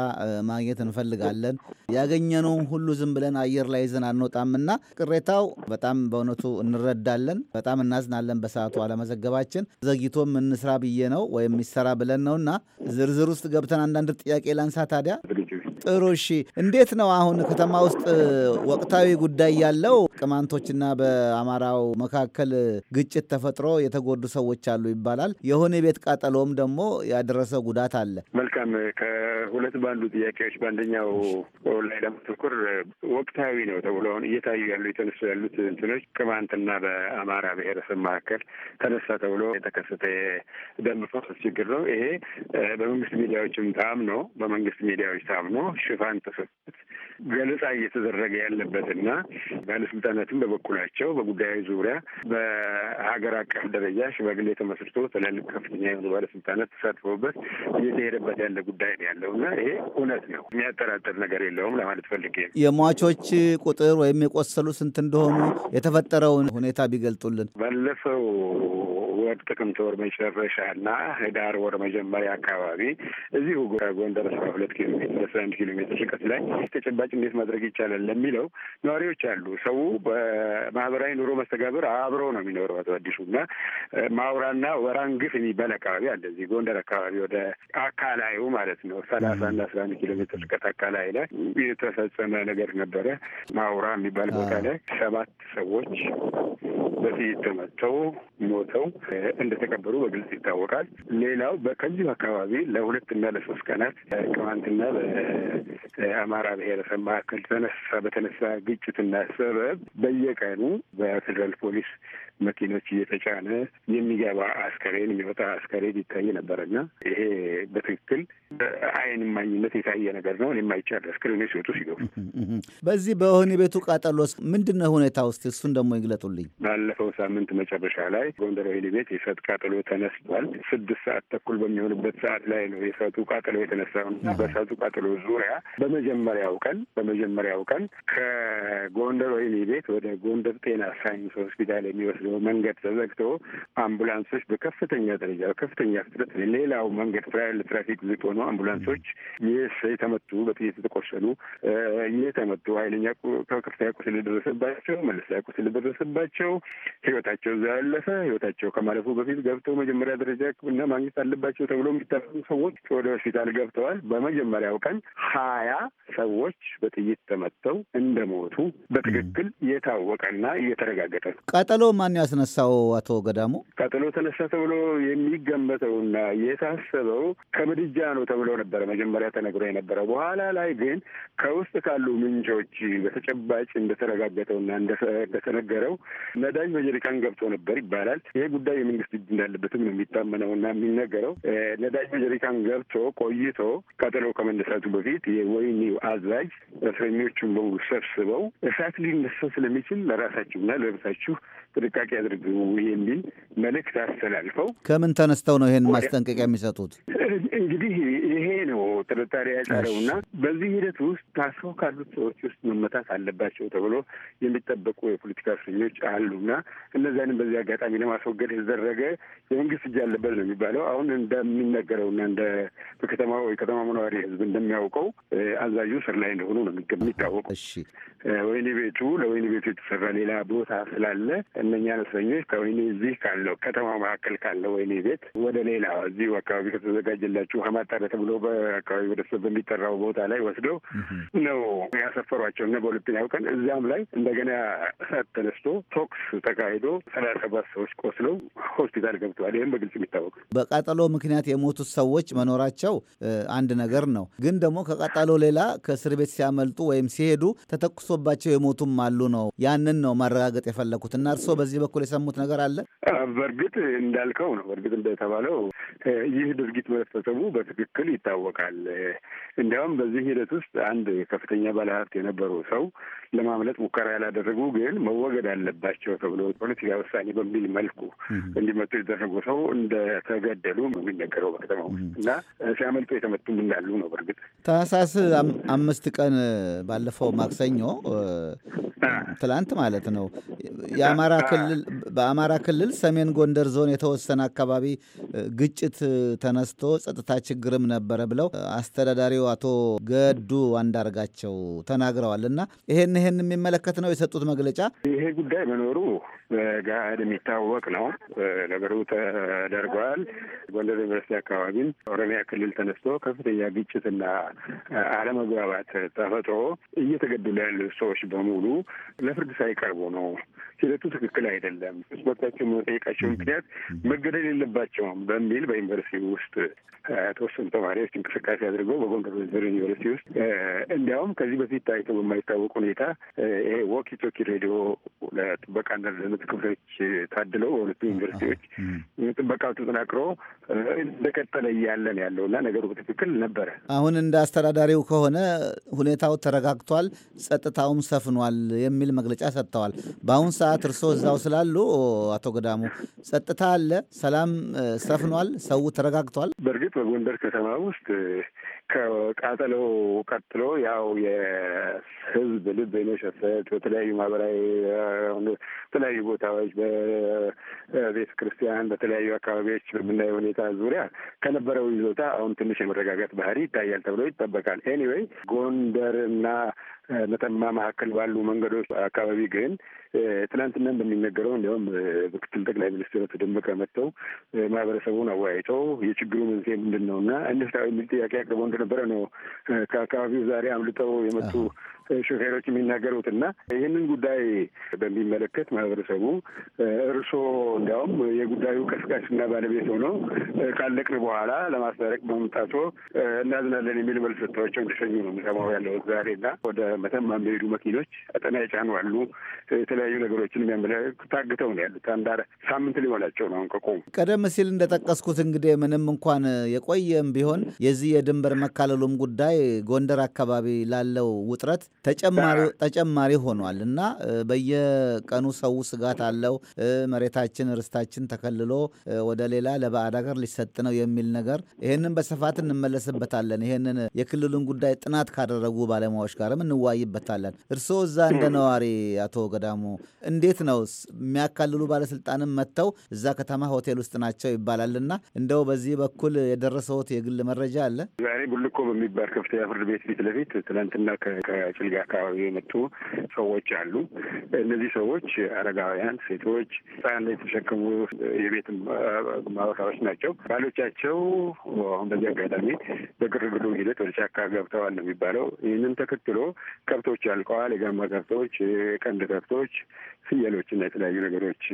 ማግኘት እንፈልጋለን። ያገኘነውን ሁሉ ዝም ብለን አየር ላይ ይዘን አንወጣም እና ቅሬታው በጣም በእውነቱ እንረዳለን። በጣም እናዝናለን በሰዓቱ አለመዘገባችን ዘጊቶ ምንስራ ብዬ ነው ወይም ይሰራ ብለን ነውና ዝርዝር ውስጥ ገብተን አንዳንድ ጥያቄ ላንሳ ታዲያ ጥሩ እሺ። እንዴት ነው አሁን ከተማ ውስጥ ወቅታዊ ጉዳይ ያለው ቅማንቶችና በአማራው መካከል ግጭት ተፈጥሮ የተጎዱ ሰዎች አሉ ይባላል። የሆነ ቤት ቃጠሎም ደግሞ ያደረሰ ጉዳት አለ።
መልካም። ከሁለት ባንዱ ጥያቄዎች በአንደኛው ላይ ለማተኮር ወቅታዊ ነው ተብሎ አሁን እየታዩ ያሉ የተነሱ ያሉት እንትኖች ቅማንትና በአማራ ብሔረሰብ መካከል ተነሳ ተብሎ የተከሰተ የደም ፋሰስ ችግር ነው። ይሄ በመንግስት ሚዲያዎችም ታምኖ በመንግስት ሚዲያዎች ታምኖ ሽፋን ተሰጥቶት ገለጻ እየተደረገ ያለበትና ባለስልጣናትም በበኩላቸው በጉዳዩ ዙሪያ በሀገር አቀፍ ደረጃ ሽማግሌ ተመስርቶ ትላልቅ ከፍተኛ የሆኑ ባለስልጣናት ተሳትፎበት እየተሄደበት ያለ ጉዳይ ነው ያለው እና ይሄ እውነት ነው፣ የሚያጠራጥር ነገር የለውም ለማለት ፈልጌ ነው። የሟቾች
ቁጥር ወይም የቆሰሉ ስንት እንደሆኑ የተፈጠረውን ሁኔታ ቢገልጡልን
ባለፈው ወር ጥቅምት ወር መጨረሻና ህዳር ወር መጀመሪያ አካባቢ እዚሁ ጎንደር አስራ ሁለት ኪሎ ሜትር አስራ አንድ ኪሎ ሜትር ርቀት ላይ ተጨባጭ እንዴት ማድረግ ይቻላል ለሚለው ነዋሪዎች አሉ። ሰው በማህበራዊ ኑሮ መስተጋብር አብሮ ነው የሚኖረው። አቶ አዲሱ እና ማውራና ወራንግፍ የሚባል አካባቢ አለ እዚህ ጎንደር አካባቢ ወደ አካላዩ ማለት ነው ሰላሳ እና አስራ አንድ ኪሎ ሜትር ርቀት አካላይ ላይ የተፈጸመ ነገር ነበረ። ማውራ የሚባል ቦታ ላይ ሰባት ሰዎች በጥይት ተመተው ሞተው እንደተቀበሩ በግልጽ ይታወቃል። ሌላው ከዚሁ አካባቢ ለሁለትና ለሶስት ቀናት ቅማንትና በአማራ ብሔረሰብ መካከል ተነሳ በተነሳ ግጭትና ሰበብ በየቀኑ በፌደራል ፖሊስ መኪኖች እየተጫነ የሚገባ አስከሬን የሚወጣ አስከሬን ይታይ ነበረና ይሄ በትክክል ዓይን እማኝነት የታየ ነገር ነው። የማይቻል አስከሬኖች ሲወጡ ሲገቡ
በዚህ በወህኒ ቤቱ ቃጠሎስ ምንድን ነው ሁኔታ ውስጥ እሱን ደግሞ ይግለጡልኝ።
ባለፈው ሳምንት መጨረሻ ላይ ጎንደር ወህኒ ቤት የእሳት ቃጠሎ ተነስቷል። ስድስት ሰዓት ተኩል በሚሆንበት ሰዓት ላይ ነው የእሳቱ ቃጠሎ የተነሳው እና በእሳቱ ቃጠሎ ዙሪያ በመጀመሪያው ቀን በመጀመሪያው ቀን ከጎንደር ወህኒ ቤት ወደ ጎንደር ጤና ሳይንስ ሆስፒታል የሚወስደው መንገድ ተዘግቶ አምቡላንሶች በከፍተኛ ደረጃ በከፍተኛ ፍጥረት ሌላው መንገድ ትራፊክ ዝግ ሆኖ አምቡላንሶች ይህ የተመቱ በጥይት የተቆሰሉ እየተመቱ ኃይለኛ ከፍተኛ ቁስል የደረሰባቸው መለስተኛ ቁስል የደረሰባቸው ህይወታቸው እዛ ያለፈ ህይወታቸው ከማለፉ በፊት ገብተው መጀመሪያ ደረጃ ሕክምና ማግኘት አለባቸው ተብሎ የሚታሰቡ ሰዎች ወደ ሆስፒታል ገብተዋል። በመጀመሪያው ቀን ሀያ ሰዎች በጥይት ተመተው እንደሞቱ በትክክል የታወቀና እየተረጋገጠ ነው።
ቀጠሎ ማን ያስነሳው? አቶ ገዳሙ
ቀጠሎ ተነሳ ተብሎ የሚገመተውና የታሰበው ከምድጃ ነው ተብሎ ነበረ መጀመሪያ ተነግሮ የነበረው። በኋላ ላይ ግን ከውስጥ ካሉ ምንጮች በተጨባጭ እንደተረጋገጠውና እንደተነገረው ነዳጅ በተደጋጋሚ በጀሪካን ገብቶ ነበር ይባላል። ይሄ ጉዳይ የመንግስት እጅ እንዳለበትም ነው የሚታመነው እና የሚነገረው። ነዳጅ በጀሪካን ገብቶ ቆይቶ ቀጠሮ ከመነሳቱ በፊት የወህኒው አዛዥ እስረኞቹን በሙሉ ሰብስበው እሳት ሊነሳ ስለሚችል ለራሳችሁና ለብሳችሁ ጥንቃቄ አድርግ የሚል መልእክት አስተላልፈው
ከምን ተነስተው ነው ይሄን ማስጠንቀቂያ የሚሰጡት?
እንግዲህ ይሄ ነው ጥርጣሬ ያጫረው እና በዚህ ሂደት ውስጥ ታስረው ካሉት ሰዎች ውስጥ መመታት አለባቸው ተብሎ የሚጠበቁ የፖለቲካ እስረኞች አሉና እነዚያንም በዚህ አጋጣሚ ለማስወገድ የተደረገ የመንግስት እጅ ያለበት ነው የሚባለው። አሁን እንደሚነገረውና እንደ በከተማው የከተማ ነዋሪ ህዝብ እንደሚያውቀው አዛዡ ስር ላይ እንደሆኑ ነው የሚታወቁ። ወይኒ ቤቱ ለወይኒ ቤቱ የተሰራ ሌላ ቦታ ስላለ እነኛ እስረኞች ከወህኒ እዚህ ካለው ከተማ መካከል ካለው ወህኒ ቤት ወደ ሌላ እዚሁ አካባቢ ከተዘጋጀላችሁ ሀማጣረ ተብሎ በአካባቢ ወደሰብ በሚጠራው ቦታ ላይ ወስደው ነው ያሰፈሯቸው እና በሁለተኛው ቀን እዚያም ላይ እንደገና እሳት ተነስቶ ቶክስ ተካሂዶ ሰላሳ ሰባት ሰዎች ቆስለው ሆስፒታል ገብተዋል። ይህም በግልጽ የሚታወቅ
በቃጠሎ ምክንያት የሞቱት ሰዎች መኖራቸው አንድ ነገር ነው። ግን ደግሞ ከቃጠሎ ሌላ ከእስር ቤት ሲያመልጡ ወይም ሲሄዱ ተተኩሶባቸው የሞቱም አሉ ነው። ያንን ነው ማረጋገጥ የፈለኩት እና እርስዎ በዚህ በኩል የሰሙት ነገር
አለ?
በእርግጥ እንዳልከው ነው። በእርግጥ እንደተባለው ይህ ድርጊት መፈጸሙ በትክክል ይታወቃል። እንዲያውም በዚህ ሂደት ውስጥ አንድ ከፍተኛ ባለሀብት የነበሩ ሰው ለማምለጥ ሙከራ ያላደረጉ ግን መወገድ አለባቸው ተብሎ ፖለቲካ ውሳኔ በሚል መልኩ እንዲመጡ የተደረጉ ሰው እንደተገደሉ የሚነገረው በከተማ ውስጥ እና ሲያመልጡ የተመቱም እንዳሉ ነው። በእርግጥ
ታህሳስ አምስት ቀን ባለፈው ማክሰኞ ትላንት ማለት ነው
የአማራ ክልል
በአማራ ክልል ሰሜን ጎንደር ዞን የተወሰነ አካባቢ ግጭት ተነስቶ ጸጥታ ችግርም ነበረ ብለው አስተዳዳሪው አቶ ገዱ አንዳርጋቸው ተናግረዋል። እና ይሄን ይሄን የሚመለከት ነው የሰጡት መግለጫ።
ይሄ ጉዳይ መኖሩ በገሃድ የሚታወቅ ነው። ነገሩ ተደርጓል። ጎንደር ዩኒቨርሲቲ አካባቢን ኦሮሚያ ክልል ተነስቶ ከፍተኛ ግጭትና አለመግባባት ተፈጥሮ እየተገደሉ ያሉ ሰዎች በሙሉ ለፍርድ ሳይቀርቡ ነው ሂደቱ ትክክል አይደለም፣ መብታቸው የመጠየቃቸው ምክንያት መገደል የለባቸውም በሚል በዩኒቨርሲቲ ውስጥ ተወሰኑ ተማሪዎች እንቅስቃሴ አድርገው በጎንደር ዩኒቨርሲቲ ውስጥ እንዲያውም ከዚህ በፊት ታይቶ በማይታወቅ ሁኔታ ይሄ ቶኪ ሬዲዮ ለጥበቃና ለደህንነት ክፍሎች ታድለው በሁለቱ ዩኒቨርሲቲዎች ጥበቃው ተጠናክሮ እንደቀጠለ እያለን ያለው እና ነገሩ በትክክል ነበረ።
አሁን እንደ አስተዳዳሪው ከሆነ ሁኔታው ተረጋግቷል፣ ጸጥታውም ሰፍኗል የሚል መግለጫ ሰጥተዋል። በአሁን ሰ ሰዓት እርስዎ እዛው ስላሉ አቶ ገዳሙ ጸጥታ አለ፣ ሰላም ሰፍኗል፣ ሰው ተረጋግቷል።
በእርግጥ በጎንደር ከተማ ውስጥ ከቃጠሎ ቀጥሎ ያው የህዝብ ልብ የመሸፈት በተለያዩ ማህበራዊ በተለያዩ ቦታዎች በቤተ ክርስቲያን፣ በተለያዩ አካባቢዎች በምናየ ሁኔታ ዙሪያ ከነበረው ይዞታ አሁን ትንሽ የመረጋጋት ባህሪ ይታያል ተብሎ ይጠበቃል። ኤኒዌይ ጎንደርና መተማ መካከል ባሉ መንገዶች አካባቢ ግን ትናንትና እንደሚነገረው እንዲያውም ምክትል ጠቅላይ ሚኒስትር ደመቀ መጥተው ማህበረሰቡን አወያይተው የችግሩ መንስኤ ምንድን ነው እና እንፍታዊ የሚል ጥያቄ አቅርቦ እንደነበረ ነው። ከአካባቢው ዛሬ አምልጠው የመጡ ሾፌሮች የሚናገሩት እና ይህንን ጉዳይ በሚመለከት ማህበረሰቡ እርስዎ እንዲያውም የጉዳዩ ቀስቃሽና ባለቤት ሆኖ ካለቅን በኋላ ለማስታረቅ በመምጣቶ እናዝናለን የሚል መልስ ሰጥተዋቸው እንደሸኙ ነው የምሰማው ያለው ዛሬ እና ወደ መተማ የሚሄዱ መኪኖች አጠና የጫኑ አሉ። የተለያዩ ነገሮችን የሚያመለክ ታግተው ነው ያሉት። አንድ ሳምንት ሊሆናቸው ነው አሁን ከቆሙ።
ቀደም ሲል እንደጠቀስኩት እንግዲህ ምንም እንኳን የቆየም ቢሆን የዚህ የድንበር መካለሉም ጉዳይ ጎንደር አካባቢ ላለው ውጥረት ተጨማሪ ሆኗል እና በየቀኑ ሰው ስጋት አለው። መሬታችን ርስታችን ተከልሎ ወደ ሌላ ለባዕድ ሀገር ሊሰጥ ነው የሚል ነገር፣ ይህንን በስፋት እንመለስበታለን። ይህንን የክልሉን ጉዳይ ጥናት ካደረጉ ባለሙያዎች ጋርም እንዋይበታለን። እርስዎ እዛ እንደ ነዋሪ አቶ ገዳሙ እንዴት ነው የሚያካልሉ ባለስልጣንም መጥተው እዛ ከተማ ሆቴል ውስጥ ናቸው ይባላልና እንደው በዚህ በኩል የደረሰውት የግል መረጃ አለ?
ዛሬ ቡልኮ በሚባል ከፍተኛ ፍርድ ቤት ፊት ለፊት ትናንትና ከጭልጋ ከዚህ አካባቢ የመጡ ሰዎች አሉ። እነዚህ ሰዎች አረጋውያን፣ ሴቶች፣ ላይ የተሸከሙ የቤት ማወሳዎች ናቸው። ባሎቻቸው አሁን በዚህ አጋጣሚ በግርግሩ ሂደት ወደ ጫካ ገብተዋል ነው የሚባለው። ይህንን ተከትሎ ከብቶች አልቀዋል። የጋማ ከብቶች፣ የቀንድ ከብቶች፣ ፍየሎች እና የተለያዩ ነገሮች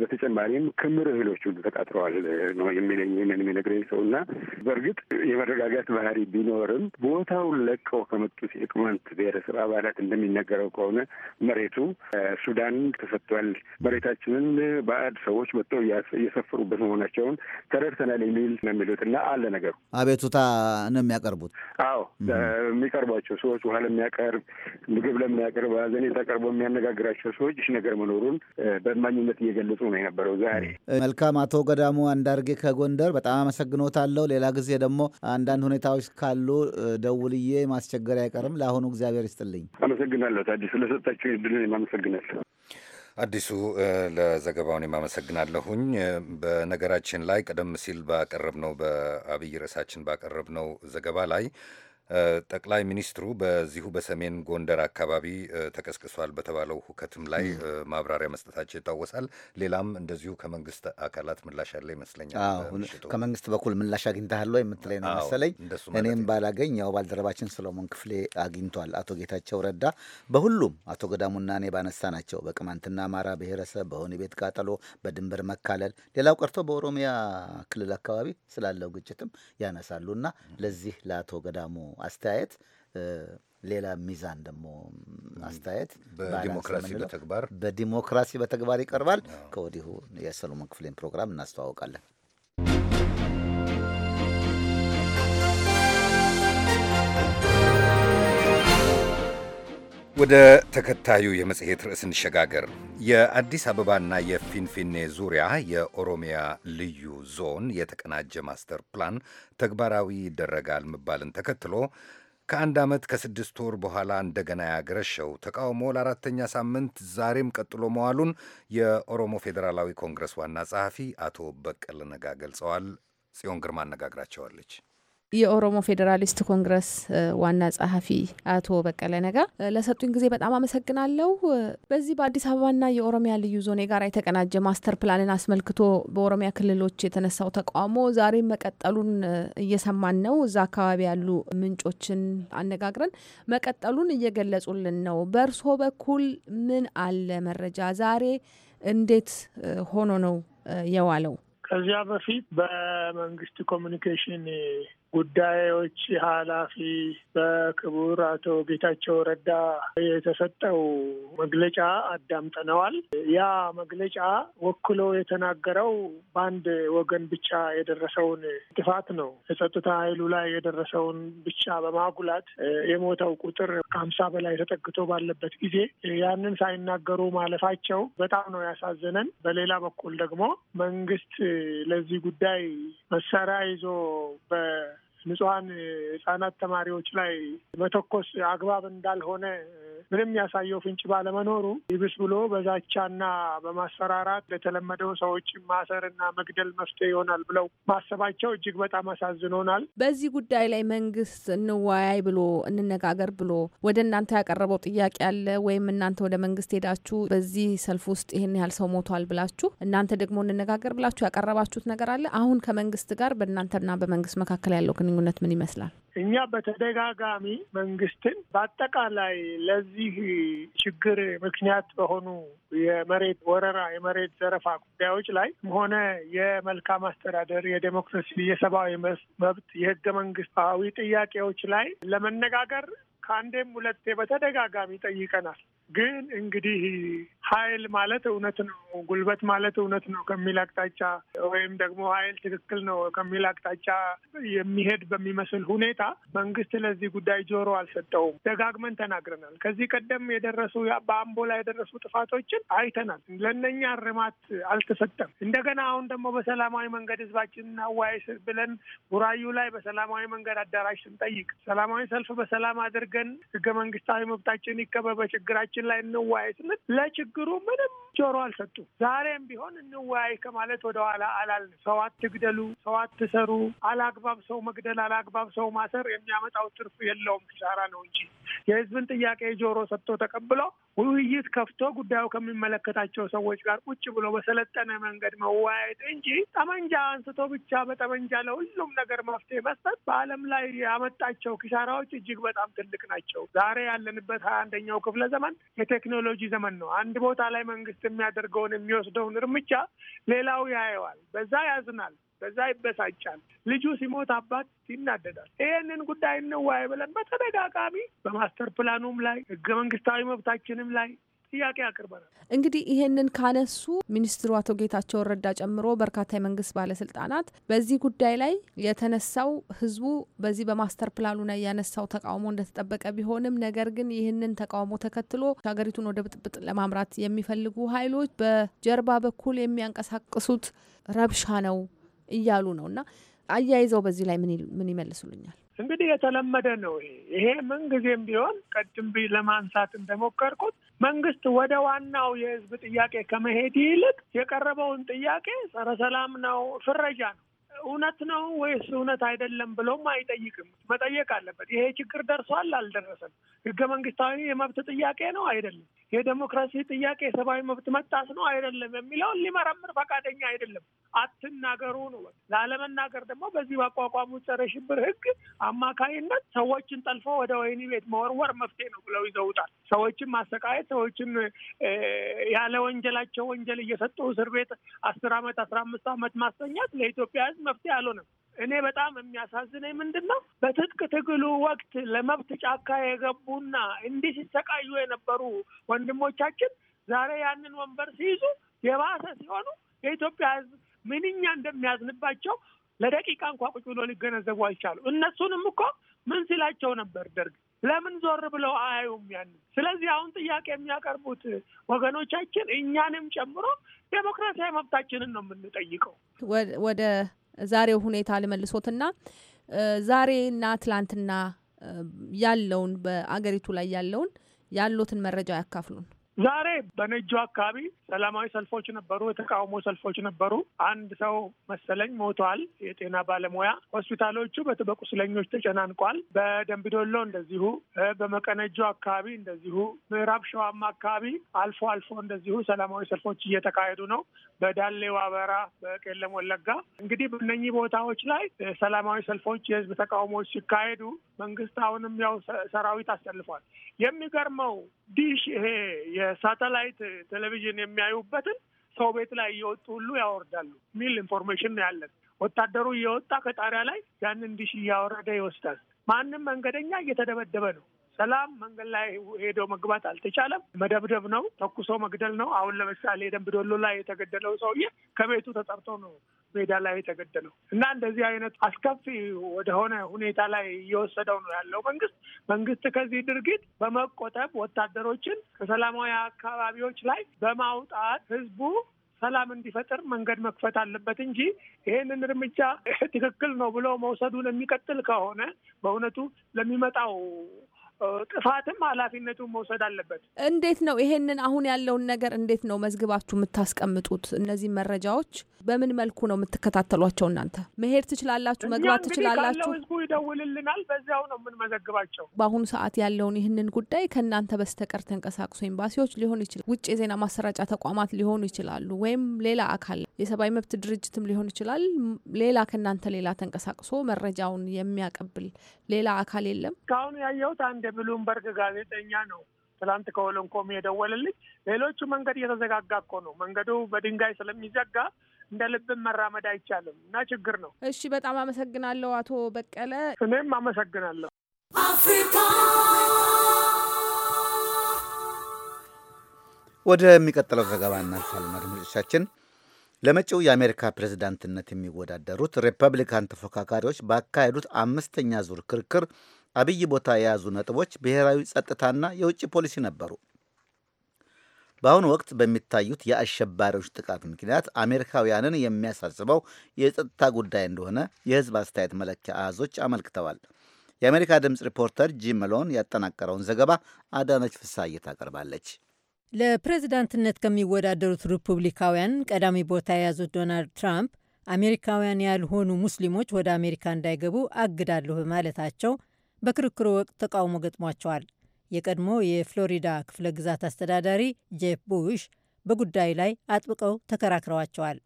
በተጨማሪም ክምር እህሎች ሁሉ ተቃጥረዋል ነው የሚለኝ ይህንን የሚነግረኝ ሰው እና በእርግጥ የመረጋጋት ባህሪ ቢኖርም ቦታውን ለቀው ከመጡት የቅማንት ብሔር ስብሰባ አባላት እንደሚነገረው ከሆነ መሬቱ ሱዳን ተሰጥቷል፣ መሬታችንን ባዕድ ሰዎች መጥተው እየሰፈሩበት መሆናቸውን ተረድተናል የሚል ነው የሚሉት እና አለ ነገሩ
አቤቱታ
ነው የሚያቀርቡት።
አዎ የሚቀርቧቸው ሰዎች ውሃ ለሚያቀርብ ምግብ ለሚያቀርብ አዘኔታ ቀርቦ የሚያነጋግራቸው ሰዎች ይህ ነገር መኖሩን በእማኝነት እየገለጹ ነው የነበረው ዛሬ።
መልካም አቶ ገዳሙ አንዳርጌ ከጎንደር በጣም አመሰግኖታለሁ። ሌላ ጊዜ ደግሞ አንዳንድ ሁኔታዎች ካሉ ደውልዬ ማስቸገር አይቀርም። ለአሁኑ እግዚአብሔር ይስጥልኝ።
አመሰግናለሁ ታዲያ ስለሰጣችሁ ድልን የማመሰግናለሁ። አዲሱ ለዘገባውን የማመሰግናለሁኝ። በነገራችን ላይ ቀደም ሲል ባቀረብነው በአብይ ርዕሳችን ባቀረብነው ዘገባ ላይ ጠቅላይ ሚኒስትሩ በዚሁ በሰሜን ጎንደር አካባቢ ተቀስቅሷል በተባለው ሁከትም ላይ ማብራሪያ መስጠታቸው ይታወሳል። ሌላም እንደዚሁ ከመንግስት አካላት ምላሽ ያለ ይመስለኛል።
ከመንግስት በኩል ምላሽ አግኝተሃል የምትለኝ ነው መሰለኝ። እኔም ባላገኝ ያው ባልደረባችን ሰሎሞን ክፍሌ አግኝቷል። አቶ ጌታቸው ረዳ በሁሉም አቶ ገዳሙና እኔ ባነሳ ናቸው በቅማንትና አማራ ብሔረሰብ በሆነ ቤት ቃጠሎ፣ በድንበር መካለል፣ ሌላው ቀርቶ በኦሮሚያ ክልል አካባቢ ስላለው ግጭትም ያነሳሉና ለዚህ ለአቶ ገዳሙ አስተያየት ሌላ ሚዛን ደግሞ አስተያየት በዲሞክራሲ በተግባር በዲሞክራሲ በተግባር ይቀርባል። ከወዲሁ የሰሎሞን ክፍሌን ፕሮግራም እናስተዋውቃለን።
ወደ ተከታዩ የመጽሔት ርዕስ እንሸጋገር። የአዲስ አበባና የፊንፊኔ ዙሪያ የኦሮሚያ ልዩ ዞን የተቀናጀ ማስተር ፕላን ተግባራዊ ይደረጋል መባልን ተከትሎ ከአንድ ዓመት ከስድስት ወር በኋላ እንደገና ያገረሸው ተቃውሞ ለአራተኛ ሳምንት ዛሬም ቀጥሎ መዋሉን የኦሮሞ ፌዴራላዊ ኮንግረስ ዋና ጸሐፊ አቶ በቀለ ነጋ ገልጸዋል። ጽዮን ግርማ አነጋግራቸዋለች።
የኦሮሞ ፌዴራሊስት ኮንግረስ ዋና ጸሐፊ አቶ በቀለ ነጋ ለሰጡኝ ጊዜ በጣም አመሰግናለሁ። በዚህ በአዲስ አበባና የኦሮሚያ ልዩ ዞን ጋር የተቀናጀ ማስተር ፕላንን አስመልክቶ በኦሮሚያ ክልሎች የተነሳው ተቃውሞ ዛሬም መቀጠሉን እየሰማን ነው። እዛ አካባቢ ያሉ ምንጮችን አነጋግረን መቀጠሉን እየገለጹልን ነው። በእርሶ በኩል ምን አለ መረጃ? ዛሬ እንዴት ሆኖ ነው የዋለው?
ከዚያ በፊት በመንግስት ኮሚኒኬሽን ጉዳዮች ኃላፊ በክቡር አቶ ጌታቸው ረዳ የተሰጠው መግለጫ አዳምጠነዋል። ያ መግለጫ ወክሎ የተናገረው በአንድ ወገን ብቻ የደረሰውን ጥፋት ነው። የጸጥታ ኃይሉ ላይ የደረሰውን ብቻ በማጉላት የሞተው ቁጥር ከሀምሳ በላይ ተጠግቶ ባለበት ጊዜ ያንን ሳይናገሩ ማለፋቸው በጣም ነው ያሳዘነን። በሌላ በኩል ደግሞ መንግስት ለዚህ ጉዳይ መሳሪያ ይዞ በ ንጹሐን ህጻናት ተማሪዎች ላይ መተኮስ አግባብ እንዳልሆነ ምንም ያሳየው ፍንጭ ባለመኖሩ ይብስ ብሎ በዛቻና በማሰራራት ለተለመደው ሰዎች ማሰርና መግደል መፍትሄ ይሆናል ብለው ማሰባቸው እጅግ በጣም አሳዝኖናል።
በዚህ ጉዳይ ላይ መንግስት እንወያይ ብሎ እንነጋገር ብሎ ወደ እናንተ ያቀረበው ጥያቄ አለ ወይም እናንተ ወደ መንግስት ሄዳችሁ በዚህ ሰልፍ ውስጥ ይህን ያህል ሰው ሞቷል ብላችሁ እናንተ ደግሞ እንነጋገር ብላችሁ ያቀረባችሁት ነገር አለ? አሁን ከመንግስት ጋር በእናንተና በመንግስት መካከል ያለው ግንኙነት ምን ይመስላል?
እኛ በተደጋጋሚ መንግስትን በአጠቃላይ ለዚህ ችግር ምክንያት በሆኑ የመሬት ወረራ፣ የመሬት ዘረፋ ጉዳዮች ላይ ሆነ የመልካም አስተዳደር፣ የዴሞክራሲ፣ የሰብአዊ መብት፣ የህገ መንግስታዊ ጥያቄዎች ላይ ለመነጋገር ከአንዴም ሁለቴ በተደጋጋሚ ጠይቀናል። ግን እንግዲህ ኃይል ማለት እውነት ነው፣ ጉልበት ማለት እውነት ነው ከሚል አቅጣጫ ወይም ደግሞ ኃይል ትክክል ነው ከሚል አቅጣጫ የሚሄድ በሚመስል ሁኔታ መንግስት ለዚህ ጉዳይ ጆሮ አልሰጠውም። ደጋግመን ተናግረናል። ከዚህ ቀደም የደረሱ በአምቦ ላይ የደረሱ ጥፋቶችን አይተናል። ለእነኛ እርማት አልተሰጠም። እንደገና አሁን ደግሞ በሰላማዊ መንገድ ህዝባችን አወያይ ብለን ቡራዩ ላይ በሰላማዊ መንገድ አዳራሽ ስንጠይቅ ሰላማዊ ሰልፍ በሰላም አድርገን ህገ መንግስታዊ መብታችን ይከበበ ችግራችን ችግሮቻችን ላይ እንወያይ ስንል ለችግሩ ምንም ጆሮ አልሰጡም። ዛሬም ቢሆን እንወያይ ከማለት ወደኋላ አላልንም። ሰው አትግደሉ፣ ሰው አትሰሩ፣ አላግባብ ሰው መግደል፣ አላግባብ ሰው ማሰር የሚያመጣው ትርፍ የለውም፣ ኪሳራ ነው እንጂ የህዝብን ጥያቄ ጆሮ ሰጥቶ ተቀብሎ ውይይት ከፍቶ ጉዳዩ ከሚመለከታቸው ሰዎች ጋር ቁጭ ብሎ በሰለጠነ መንገድ መወያየት እንጂ ጠመንጃ አንስቶ ብቻ በጠመንጃ ለሁሉም ነገር መፍትሄ መስጠት በዓለም ላይ ያመጣቸው ኪሳራዎች እጅግ በጣም ትልቅ ናቸው። ዛሬ ያለንበት ሀያ አንደኛው ክፍለ ዘመን የቴክኖሎጂ ዘመን ነው። አንድ ቦታ ላይ መንግስት የሚያደርገውን የሚወስደውን እርምጃ ሌላው ያየዋል። በዛ ያዝናል፣ በዛ ይበሳጫል። ልጁ ሲሞት አባት ይናደዳል። ይህንን ጉዳይ እንወያይ ብለን በተደጋጋሚ በማስተር ፕላኑም ላይ ህገ መንግስታዊ መብታችንም ላይ ጥያቄ አቅርበናል።
እንግዲህ ይሄንን ካነሱ ሚኒስትሩ አቶ ጌታቸው ረዳ ጨምሮ በርካታ የመንግስት ባለስልጣናት በዚህ ጉዳይ ላይ የተነሳው ህዝቡ በዚህ በማስተር ፕላኑ ላይ ያነሳው ተቃውሞ እንደተጠበቀ ቢሆንም ነገር ግን ይህንን ተቃውሞ ተከትሎ ሀገሪቱን ወደ ብጥብጥ ለማምራት የሚፈልጉ ኃይሎች በጀርባ በኩል የሚያንቀሳቅሱት ረብሻ ነው እያሉ ነው እና አያይዘው በዚህ ላይ ምን ይመልሱልኛል?
እንግዲህ የተለመደ ነው። ይሄ ይሄ ምንጊዜም ቢሆን ቀድም ለማንሳት እንደሞከርኩት መንግስት ወደ ዋናው የህዝብ ጥያቄ ከመሄድ ይልቅ የቀረበውን ጥያቄ ጸረ ሰላም ነው፣ ፍረጃ ነው እውነት ነው ወይስ እውነት አይደለም ብሎም አይጠይቅም። መጠየቅ አለበት። ይሄ ችግር ደርሷል አልደረሰም፣ ህገ መንግስታዊ የመብት ጥያቄ ነው አይደለም፣ የዴሞክራሲ ጥያቄ የሰብአዊ መብት መጣስ ነው አይደለም የሚለውን ሊመረምር ፈቃደኛ አይደለም። አትናገሩ ነው። ላለመናገር ደግሞ በዚህ በአቋቋሙ ጸረ ሽብር ህግ አማካይነት ሰዎችን ጠልፎ ወደ ወህኒ ቤት መወርወር መፍትሄ ነው ብለው ይዘውታል። ሰዎችን ማሰቃየት፣ ሰዎችን ያለ ወንጀላቸው ወንጀል እየሰጡ እስር ቤት አስር አመት አስራ አምስት አመት ማስተኛት ለኢትዮጵያ ህዝብ መፍትሄ አልሆነም። እኔ በጣም የሚያሳዝነኝ ምንድን ነው በትጥቅ ትግሉ ወቅት ለመብት ጫካ የገቡና እንዲህ ሲሰቃዩ የነበሩ ወንድሞቻችን ዛሬ ያንን ወንበር ሲይዙ የባሰ ሲሆኑ የኢትዮጵያ ሕዝብ ምንኛ እንደሚያዝንባቸው ለደቂቃ እንኳ ቁጭ ብሎ ሊገነዘቡ አልቻሉ። እነሱንም እኮ ምን ሲላቸው ነበር ደርግ ለምን ዞር ብለው አያዩም ያንን? ስለዚህ አሁን ጥያቄ የሚያቀርቡት ወገኖቻችን እኛንም ጨምሮ ዴሞክራሲያዊ መብታችንን ነው የምንጠይቀው።
ወደ ዛሬው ሁኔታ ልመልሶትና ዛሬና ትላንትና ያለውን በአገሪቱ ላይ ያለውን ያሉትን መረጃ ያካፍሉን።
ዛሬ በነጆ አካባቢ ሰላማዊ ሰልፎች ነበሩ፣ የተቃውሞ ሰልፎች ነበሩ። አንድ ሰው መሰለኝ ሞቷል፣ የጤና ባለሙያ ሆስፒታሎቹ በቁስለኞች ተጨናንቋል። በደንቢዶሎ እንደዚሁ፣ በመቀነጆ አካባቢ እንደዚሁ፣ ምዕራብ ሸዋማ አካባቢ አልፎ አልፎ እንደዚሁ ሰላማዊ ሰልፎች እየተካሄዱ ነው። በዳሌ ዋበራ፣ በቄለም ወለጋ እንግዲህ በእነኚህ ቦታዎች ላይ ሰላማዊ ሰልፎች፣ የህዝብ ተቃውሞዎች ሲካሄዱ መንግስት አሁንም ያው ሰራዊት አሰልፏል። የሚገርመው ዲሽ ይሄ የሳተላይት ቴሌቪዥን የሚያዩበትን ሰው ቤት ላይ እየወጡ ሁሉ ያወርዳሉ የሚል ኢንፎርሜሽን ነው ያለን። ወታደሩ እየወጣ ከጣሪያ ላይ ያንን ዲሽ እያወረደ ይወስዳል። ማንም መንገደኛ እየተደበደበ ነው። ሰላም መንገድ ላይ ሄዶ መግባት አልተቻለም። መደብደብ ነው፣ ተኩሶ መግደል ነው። አሁን ለምሳሌ ደንብ ዶሎ ላይ የተገደለው ሰውዬ ከቤቱ ተጠርቶ ነው ሜዳ ላይ የተገደለው እና እንደዚህ አይነት አስከፊ ወደሆነ ሁኔታ ላይ እየወሰደው ነው ያለው መንግስት። መንግስት ከዚህ ድርጊት በመቆጠብ ወታደሮችን ከሰላማዊ አካባቢዎች ላይ በማውጣት ህዝቡ ሰላም እንዲፈጥር መንገድ መክፈት አለበት እንጂ ይህንን እርምጃ ትክክል ነው ብሎ መውሰዱን የሚቀጥል ከሆነ በእውነቱ ለሚመጣው ጥፋትም ኃላፊነቱን መውሰድ አለበት።
እንዴት ነው ይሄንን አሁን ያለውን ነገር እንዴት ነው መዝግባችሁ የምታስቀምጡት? እነዚህ መረጃዎች በምን መልኩ ነው የምትከታተሏቸው? እናንተ መሄድ ትችላላችሁ፣ መግባት ትችላላችሁ። ህዝቡ
ይደውልልናል፣ በዚያው ነው የምንመዘግባቸው።
በአሁኑ ሰዓት ያለውን ይህንን ጉዳይ ከእናንተ በስተቀር ተንቀሳቅሶ ኤምባሲዎች ሊሆን ይችላል፣ ውጭ የዜና ማሰራጫ ተቋማት ሊሆኑ ይችላሉ፣ ወይም ሌላ አካል የሰብአዊ መብት ድርጅትም ሊሆን ይችላል። ሌላ ከእናንተ ሌላ ተንቀሳቅሶ መረጃውን የሚያቀብል ሌላ አካል የለም
እስካሁን ያየሁት አንድ ብሉምበርግ ጋዜጠኛ ነው ትላንት ከወለንኮም የደወለልኝ። ሌሎቹ መንገድ እየተዘጋጋ እኮ ነው። መንገዱ በድንጋይ ስለሚዘጋ እንደ ልብን መራመድ አይቻልም እና ችግር ነው።
እሺ፣ በጣም አመሰግናለሁ አቶ በቀለ።
እኔም አመሰግናለሁ።
ወደሚቀጥለው ዘገባ እናልፋለን አድማጮቻችን። ለመጪው የአሜሪካ ፕሬዝዳንትነት የሚወዳደሩት ሪፐብሊካን ተፎካካሪዎች ባካሄዱት አምስተኛ ዙር ክርክር አብይ ቦታ የያዙ ነጥቦች ብሔራዊ ጸጥታና የውጭ ፖሊሲ ነበሩ። በአሁኑ ወቅት በሚታዩት የአሸባሪዎች ጥቃት ምክንያት አሜሪካውያንን የሚያሳስበው የጸጥታ ጉዳይ እንደሆነ የሕዝብ አስተያየት መለኪያ አሃዞች አመልክተዋል። የአሜሪካ ድምፅ ሪፖርተር ጂም መሎን ያጠናቀረውን ዘገባ አዳነች ፍሳይ ታቀርባለች።
ለፕሬዝዳንትነት ከሚወዳደሩት ሪፑብሊካውያን ቀዳሚ ቦታ የያዙት ዶናልድ ትራምፕ አሜሪካውያን ያልሆኑ ሙስሊሞች ወደ አሜሪካ እንዳይገቡ አግዳለሁ በማለታቸው በክርክሩ ወቅት ተቃውሞ ገጥሟቸዋል። የቀድሞ የፍሎሪዳ ክፍለ ግዛት አስተዳዳሪ ጄፍ ቡሽ በጉዳዩ ላይ አጥብቀው ተከራክረዋቸዋል።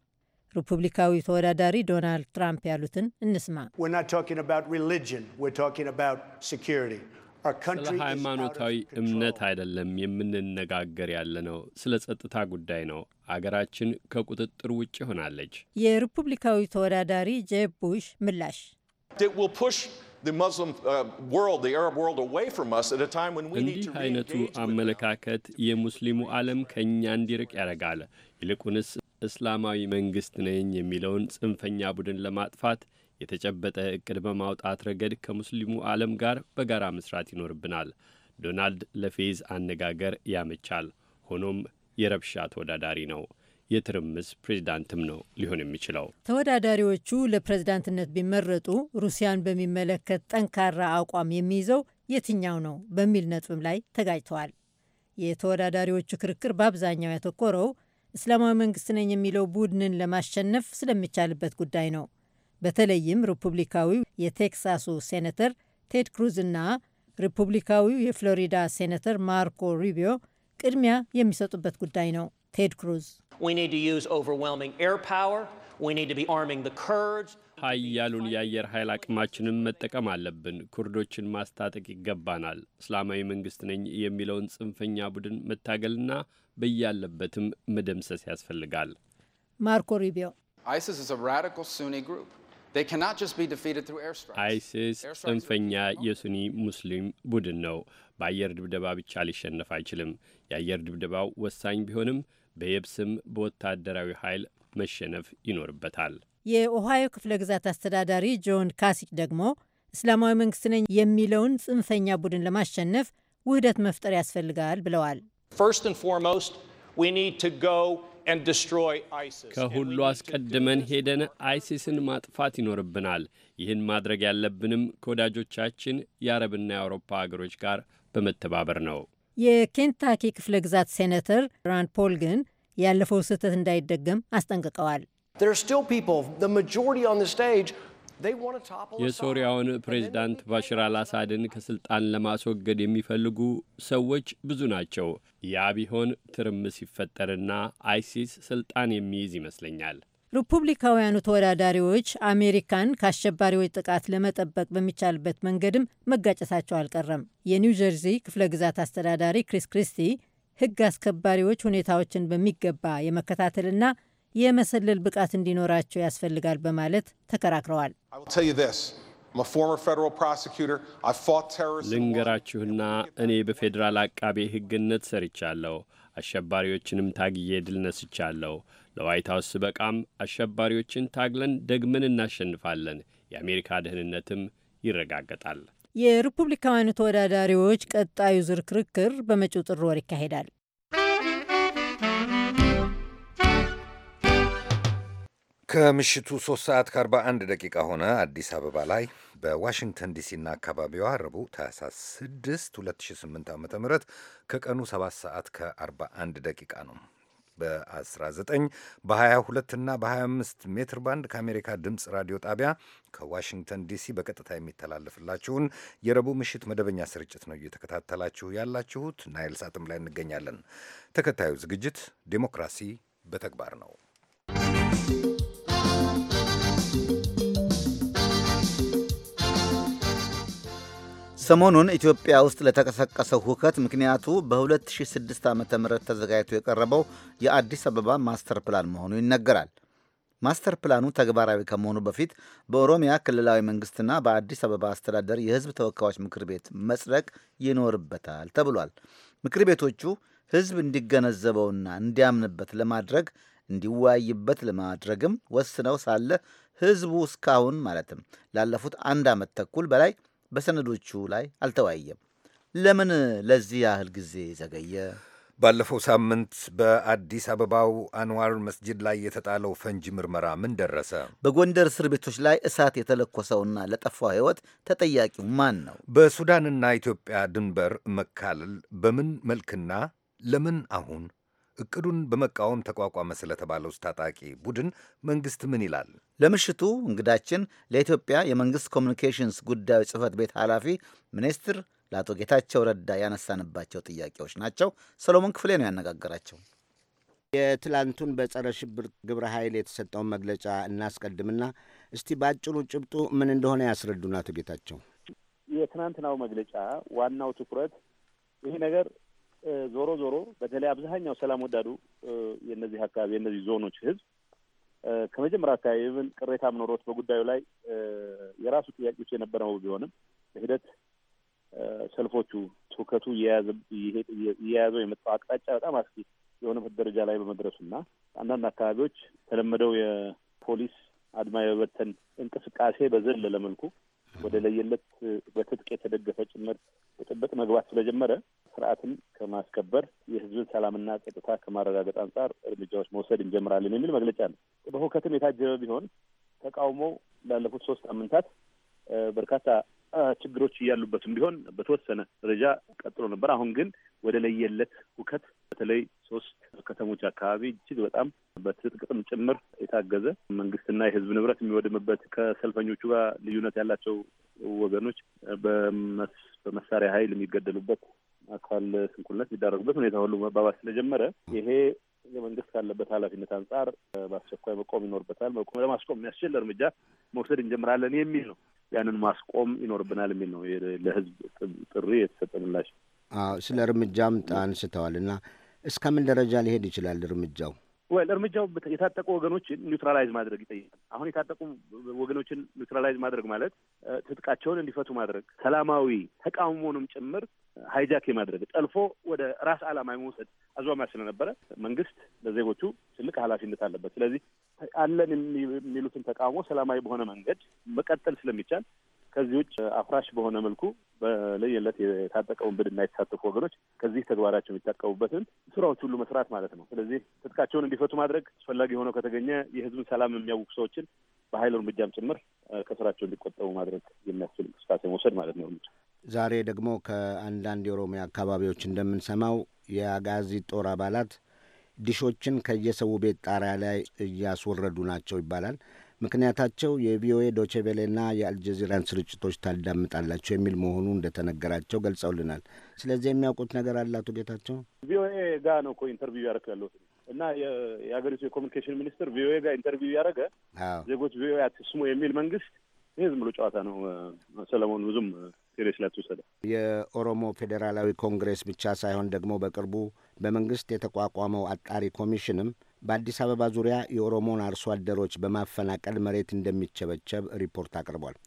ሪፑብሊካዊ ተወዳዳሪ ዶናልድ ትራምፕ ያሉትን እንስማ።
ስለ ሃይማኖታዊ
እምነት አይደለም የምንነጋገር ያለነው፣ ስለ ጸጥታ ጉዳይ ነው። አገራችን ከቁጥጥር ውጭ ሆናለች።
የሪፑብሊካዊ ተወዳዳሪ ጄብ ቡሽ ምላሽ
እንዲህ አይነቱ አመለካከት የሙስሊሙ ዓለም ከእኛ እንዲርቅ ያደርጋል። ይልቁንስ እስላማዊ መንግሥት ነኝ የሚለውን ጽንፈኛ ቡድን ለማጥፋት የተጨበጠ እቅድ በማውጣት ረገድ ከሙስሊሙ ዓለም ጋር በጋራ መስራት ይኖርብናል። ዶናልድ ለፌዝ አነጋገር ያመቻል። ሆኖም የረብሻ ተወዳዳሪ ነው። የትርምስ ፕሬዚዳንትም ነው ሊሆን የሚችለው።
ተወዳዳሪዎቹ ለፕሬዚዳንትነት ቢመረጡ ሩሲያን በሚመለከት ጠንካራ አቋም የሚይዘው የትኛው ነው በሚል ነጥብም ላይ ተጋጭተዋል። የተወዳዳሪዎቹ ክርክር በአብዛኛው ያተኮረው እስላማዊ መንግስት ነኝ የሚለው ቡድንን ለማሸነፍ ስለሚቻልበት ጉዳይ ነው። በተለይም ሪፑብሊካዊው የቴክሳሱ ሴኔተር ቴድ ክሩዝ እና ሪፑብሊካዊው የፍሎሪዳ ሴኔተር ማርኮ ሩቢዮ ቅድሚያ የሚሰጡበት ጉዳይ ነው። ቴድ ክሩዝ
ኃያሉን የአየር ኃይል አቅማችንን መጠቀም አለብን። ኩርዶችን ማስታጠቅ ይገባናል። እስላማዊ መንግስት ነኝ የሚለውን ጽንፈኛ ቡድን መታገልና በያለበትም መደምሰስ ያስፈልጋል።
ማርኮ ሩቢዮ
አይሲስ ጽንፈኛ
የሱኒ ሙስሊም ቡድን ነው። በአየር ድብደባ ብቻ ሊሸነፍ አይችልም። የአየር ድብደባው ወሳኝ ቢሆንም በየብስም በወታደራዊ ኃይል መሸነፍ ይኖርበታል።
የኦሃዮ ክፍለ ግዛት አስተዳዳሪ ጆን ካሲክ ደግሞ እስላማዊ መንግስት ነኝ የሚለውን ጽንፈኛ ቡድን ለማሸነፍ ውህደት መፍጠር ያስፈልጋል ብለዋል።
ከሁሉ አስቀድመን ሄደን አይሲስን ማጥፋት ይኖርብናል። ይህን ማድረግ ያለብንም ከወዳጆቻችን የአረብና የአውሮፓ አገሮች ጋር በመተባበር ነው።
የኬንታኪ ክፍለ ግዛት ሴኔተር ራንድ ፖል ግን ያለፈው ስህተት እንዳይደገም አስጠንቅቀዋል።
የሶሪያውን ፕሬዚዳንት ባሽር አልአሳድን ከስልጣን ለማስወገድ የሚፈልጉ ሰዎች ብዙ ናቸው። ያ ቢሆን ትርምስ ይፈጠርና አይሲስ ስልጣን የሚይዝ ይመስለኛል።
ሪፑብሊካውያኑ ተወዳዳሪዎች አሜሪካን ከአሸባሪዎች ጥቃት ለመጠበቅ በሚቻልበት መንገድም መጋጨታቸው አልቀረም። የኒው ጀርዚ ክፍለ ግዛት አስተዳዳሪ ክሪስ ክሪስቲ ሕግ አስከባሪዎች ሁኔታዎችን በሚገባ የመከታተልና የመሰለል ብቃት እንዲኖራቸው ያስፈልጋል በማለት ተከራክረዋል።
ልንገራችሁና እኔ በፌዴራል አቃቤ ሕግነት ሰርቻለሁ። አሸባሪዎችንም ታግዬ ድል ነስቻለሁ። ለዋይት ሀውስ በቃም አሸባሪዎችን ታግለን ደግመን እናሸንፋለን፣ የአሜሪካ ደህንነትም ይረጋገጣል።
የሪፑብሊካውያኑ ተወዳዳሪዎች ቀጣዩ ዙር ክርክር በመጪው ጥር ወር ይካሄዳል።
ከምሽቱ 3 ሰዓት ከ41 ደቂቃ ሆነ አዲስ አበባ ላይ። በዋሽንግተን ዲሲና አካባቢዋ ረቡዕ ታህሳስ 6 2008 ዓ ም ከቀኑ 7 ሰዓት ከ41 ደቂቃ ነው። በ19 በ22 እና በ25 ሜትር ባንድ ከአሜሪካ ድምፅ ራዲዮ ጣቢያ ከዋሽንግተን ዲሲ በቀጥታ የሚተላለፍላችሁን የረቡዕ ምሽት መደበኛ ስርጭት ነው እየተከታተላችሁ ያላችሁት። ናይል ሳጥም ላይ እንገኛለን። ተከታዩ ዝግጅት ዴሞክራሲ በተግባር ነው።
ሰሞኑን ኢትዮጵያ ውስጥ ለተቀሰቀሰው ሁከት ምክንያቱ በ2006 ዓ ም ተዘጋጅቶ የቀረበው የአዲስ አበባ ማስተር ፕላን መሆኑ ይነገራል። ማስተር ፕላኑ ተግባራዊ ከመሆኑ በፊት በኦሮሚያ ክልላዊ መንግስትና በአዲስ አበባ አስተዳደር የህዝብ ተወካዮች ምክር ቤት መጽደቅ ይኖርበታል ተብሏል። ምክር ቤቶቹ ህዝብ እንዲገነዘበውና እንዲያምንበት ለማድረግ እንዲወያይበት ለማድረግም ወስነው ሳለ ህዝቡ እስካሁን ማለትም ላለፉት አንድ ዓመት ተኩል በላይ
በሰነዶቹ ላይ አልተወያየም። ለምን ለዚህ ያህል ጊዜ ዘገየ? ባለፈው ሳምንት በአዲስ አበባው አንዋር መስጂድ ላይ የተጣለው ፈንጂ ምርመራ ምን ደረሰ? በጎንደር
እስር ቤቶች ላይ እሳት የተለኮሰውና ለጠፋው ሕይወት ተጠያቂው
ማን ነው? በሱዳንና ኢትዮጵያ ድንበር መካለል በምን መልክና ለምን አሁን እቅዱን በመቃወም ተቋቋመ ስለተባለው ታጣቂ ቡድን
መንግስት ምን ይላል? ለምሽቱ እንግዳችን ለኢትዮጵያ የመንግስት ኮሚኒኬሽንስ ጉዳዮች ጽህፈት ቤት ኃላፊ ሚኒስትር ለአቶ ጌታቸው ረዳ ያነሳንባቸው ጥያቄዎች ናቸው።
ሰሎሞን ክፍሌ ነው ያነጋገራቸው። የትላንቱን በጸረ ሽብር ግብረ ኃይል የተሰጠውን መግለጫ እናስቀድምና እስቲ በአጭሩ ጭብጡ ምን እንደሆነ ያስረዱን አቶ ጌታቸው።
የትናንትናው መግለጫ ዋናው ትኩረት ይሄ ነገር ዞሮ ዞሮ በተለይ አብዛኛው ሰላም ወዳዱ የነዚህ አካባቢ የነዚህ ዞኖች ህዝብ ከመጀመሪያ አካባቢ ብን ቅሬታ ምኖሮት በጉዳዩ ላይ የራሱ ጥያቄዎች የነበረው ቢሆንም በሂደት ሰልፎቹ ትውከቱ እየያዘው የመጣው አቅጣጫ በጣም አስጊ የሆነበት ደረጃ ላይ በመድረሱ እና አንዳንድ አካባቢዎች ተለመደው የፖሊስ አድማ የበተን እንቅስቃሴ በዘለለ መልኩ ወደ ለየለት በትጥቅ የተደገፈ ጭምር ጥብቅ መግባት ስለጀመረ ስርዓትን ከማስከበር የህዝብን ሰላምና ጸጥታ ከማረጋገጥ አንጻር እርምጃዎች መውሰድ እንጀምራለን የሚል መግለጫ ነው። በሁከትም የታጀበ ቢሆን ተቃውሞ ላለፉት ሶስት ሳምንታት በርካታ ችግሮች እያሉበትም ቢሆን በተወሰነ ደረጃ ቀጥሎ ነበር። አሁን ግን ወደ ለየለት ሁከት በተለይ ሶስት ከተሞች አካባቢ እጅግ በጣም በትጥቅጥም ጭምር የታገዘ መንግስትና የህዝብ ንብረት የሚወድምበት ከሰልፈኞቹ ጋር ልዩነት ያላቸው ወገኖች በመሳሪያ ኃይል የሚገደሉበት አካል ስንኩልነት የሚዳረጉበት ሁኔታ ሁሉ መባባት ስለጀመረ ይሄ የመንግስት ካለበት ኃላፊነት አንጻር በአስቸኳይ መቆም ይኖርበታል። ለማስቆም የሚያስችል እርምጃ መውሰድ እንጀምራለን የሚል ነው። ያንን ማስቆም ይኖርብናል የሚል ነው ለህዝብ ጥሪ የተሰጠ ምላሽ።
ስለ እርምጃም አንስተዋል እና እስከምን ደረጃ ሊሄድ ይችላል እርምጃው?
ወይ እርምጃው የታጠቁ ወገኖችን ኒውትራላይዝ ማድረግ ይጠይቃል። አሁን የታጠቁ ወገኖችን ኒውትራላይዝ ማድረግ ማለት ትጥቃቸውን እንዲፈቱ ማድረግ፣ ሰላማዊ ተቃውሞንም ጭምር ሀይጃክ የማድረግ ጠልፎ ወደ ራስ ዓላማ የመውሰድ አዟማ ስለነበረ መንግስት ለዜጎቹ ትልቅ ኃላፊነት አለበት። ስለዚህ አለን የሚሉትን ተቃውሞ ሰላማዊ በሆነ መንገድ መቀጠል ስለሚቻል ከዚህ ውጭ አፍራሽ በሆነ መልኩ በለየለት የታጠቀውን ብድ የተሳተፉ ወገኖች ከዚህ ተግባራቸው የሚታቀቡበትን ስራዎች ሁሉ መስራት ማለት ነው። ስለዚህ ትጥቃቸውን እንዲፈቱ ማድረግ አስፈላጊ ሆነው ከተገኘ የህዝብን ሰላም የሚያውቁ ሰዎችን በሀይል እርምጃም ጭምር ከስራቸው እንዲቆጠቡ ማድረግ የሚያስችል እንቅስቃሴ መውሰድ ማለት ነው።
ዛሬ ደግሞ ከአንዳንድ የኦሮሚያ አካባቢዎች እንደምንሰማው የአጋዚ ጦር አባላት ዲሾችን ከየሰው ቤት ጣሪያ ላይ እያስወረዱ ናቸው ይባላል። ምክንያታቸው የቪኦኤ ዶቼቬሌና የአልጀዚራን ስርጭቶች ታዳምጣላቸው የሚል መሆኑ እንደተነገራቸው ገልጸውልናል። ስለዚህ የሚያውቁት ነገር አለ። አቶ ጌታቸው
ቪኦኤ ጋ ነው እኮ ኢንተርቪው ያደረኩ ያለሁት እና የሀገሪቱ የኮሚኒኬሽን ሚኒስትር ቪኦኤ ጋር ኢንተርቪው ያደረገ ዜጎች ቪኦኤ አትስሙ የሚል መንግስት ይህ ዝም ብሎ ጨዋታ ነው ሰለሞን፣ ብዙም ሴሪየስ ላትወሰደ
የኦሮሞ ፌዴራላዊ ኮንግሬስ ብቻ ሳይሆን ደግሞ በቅርቡ በመንግስት የተቋቋመው አጣሪ ኮሚሽንም በአዲስ አበባ ዙሪያ የኦሮሞን አርሶ አደሮች በማፈናቀል መሬት እንደሚቸበቸብ ሪፖርት አቅርቧል።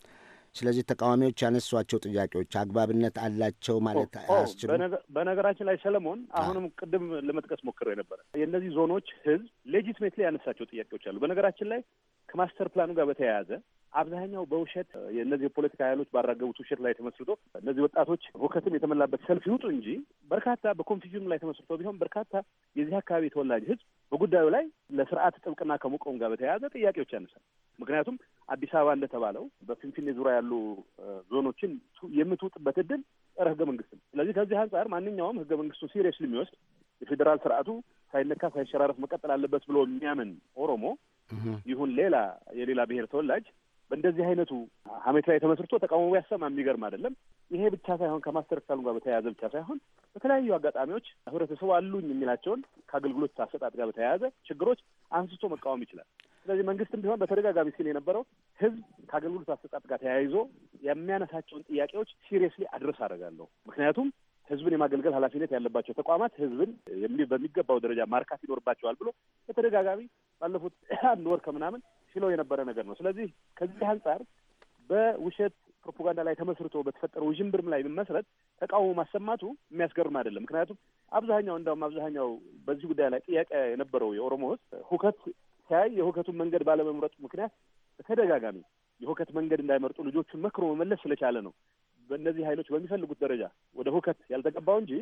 ስለዚህ ተቃዋሚዎች ያነሷቸው ጥያቄዎች አግባብነት አላቸው ማለት አያስችሉ።
በነገራችን ላይ ሰለሞን፣ አሁንም ቅድም ለመጥቀስ ሞክሬ የነበረ የእነዚህ ዞኖች ህዝብ ሌጂትሜት ላይ ያነሳቸው ጥያቄዎች አሉ። በነገራችን ላይ ከማስተር ፕላኑ ጋር በተያያዘ አብዛኛው በውሸት የእነዚህ የፖለቲካ ኃይሎች ባራገቡት ውሸት ላይ ተመስርቶ እነዚህ ወጣቶች ሁከትም የተመላበት ሰልፍ ይውጡ እንጂ በርካታ በኮንፊዥኑ ላይ ተመስርቶ ቢሆን በርካታ የዚህ አካባቢ ተወላጅ ህዝብ በጉዳዩ ላይ ለስርዓት ጥብቅና ከመቆም ጋር በተያያዘ ጥያቄዎች ያነሳል። ምክንያቱም አዲስ አበባ እንደተባለው በፊንፊኔ ዙሪያ ያሉ ዞኖችን የምትውጥበት እድል ጸረ ህገ መንግስት ነው። ስለዚህ ከዚህ አንጻር ማንኛውም ህገ መንግስቱን ሲሪየስ ሊሚወስድ የፌዴራል ስርዓቱ ሳይነካ ሳይሸራረፍ መቀጠል አለበት ብሎ የሚያምን ኦሮሞ ይሁን ሌላ የሌላ ብሔር ተወላጅ በእንደዚህ አይነቱ ሀሜት ላይ ተመስርቶ ተቃውሞ ቢያሰማ የሚገርም አይደለም። ይሄ ብቻ ሳይሆን ከማስተር ካሉ ጋር በተያያዘ ብቻ ሳይሆን በተለያዩ አጋጣሚዎች ህብረተሰቡ አሉኝ የሚላቸውን ከአገልግሎት አሰጣጥ ጋር በተያያዘ ችግሮች አንስቶ መቃወም ይችላል። ስለዚህ መንግስትም ቢሆን በተደጋጋሚ ሲል የነበረው ህዝብ ከአገልግሎት አሰጣጥ ጋር ተያይዞ የሚያነሳቸውን ጥያቄዎች ሲሪየስሊ አድረስ አደርጋለሁ። ምክንያቱም ህዝብን የማገልገል ኃላፊነት ያለባቸው ተቋማት ህዝብን በሚገባው ደረጃ ማርካት ይኖርባቸዋል ብሎ በተደጋጋሚ ባለፉት አንድ ወር ከምናምን ሲለው የነበረ ነገር ነው። ስለዚህ ከዚህ አንጻር በውሸት ፕሮፓጋንዳ ላይ ተመስርቶ በተፈጠረው ውዥንብርም ላይ መመስረት ተቃውሞ ማሰማቱ የሚያስገርም አይደለም። ምክንያቱም አብዛኛው እንደውም አብዛኛው በዚህ ጉዳይ ላይ ጥያቄ የነበረው የኦሮሞ ህዝብ ሁከት ሲያይ የሁከቱን መንገድ ባለመምረጡ ምክንያት በተደጋጋሚ የሁከት መንገድ እንዳይመርጡ ልጆቹን መክሮ መመለስ ስለቻለ ነው በእነዚህ ኃይሎች በሚፈልጉት ደረጃ ወደ ሁከት ያልተገባው እንጂ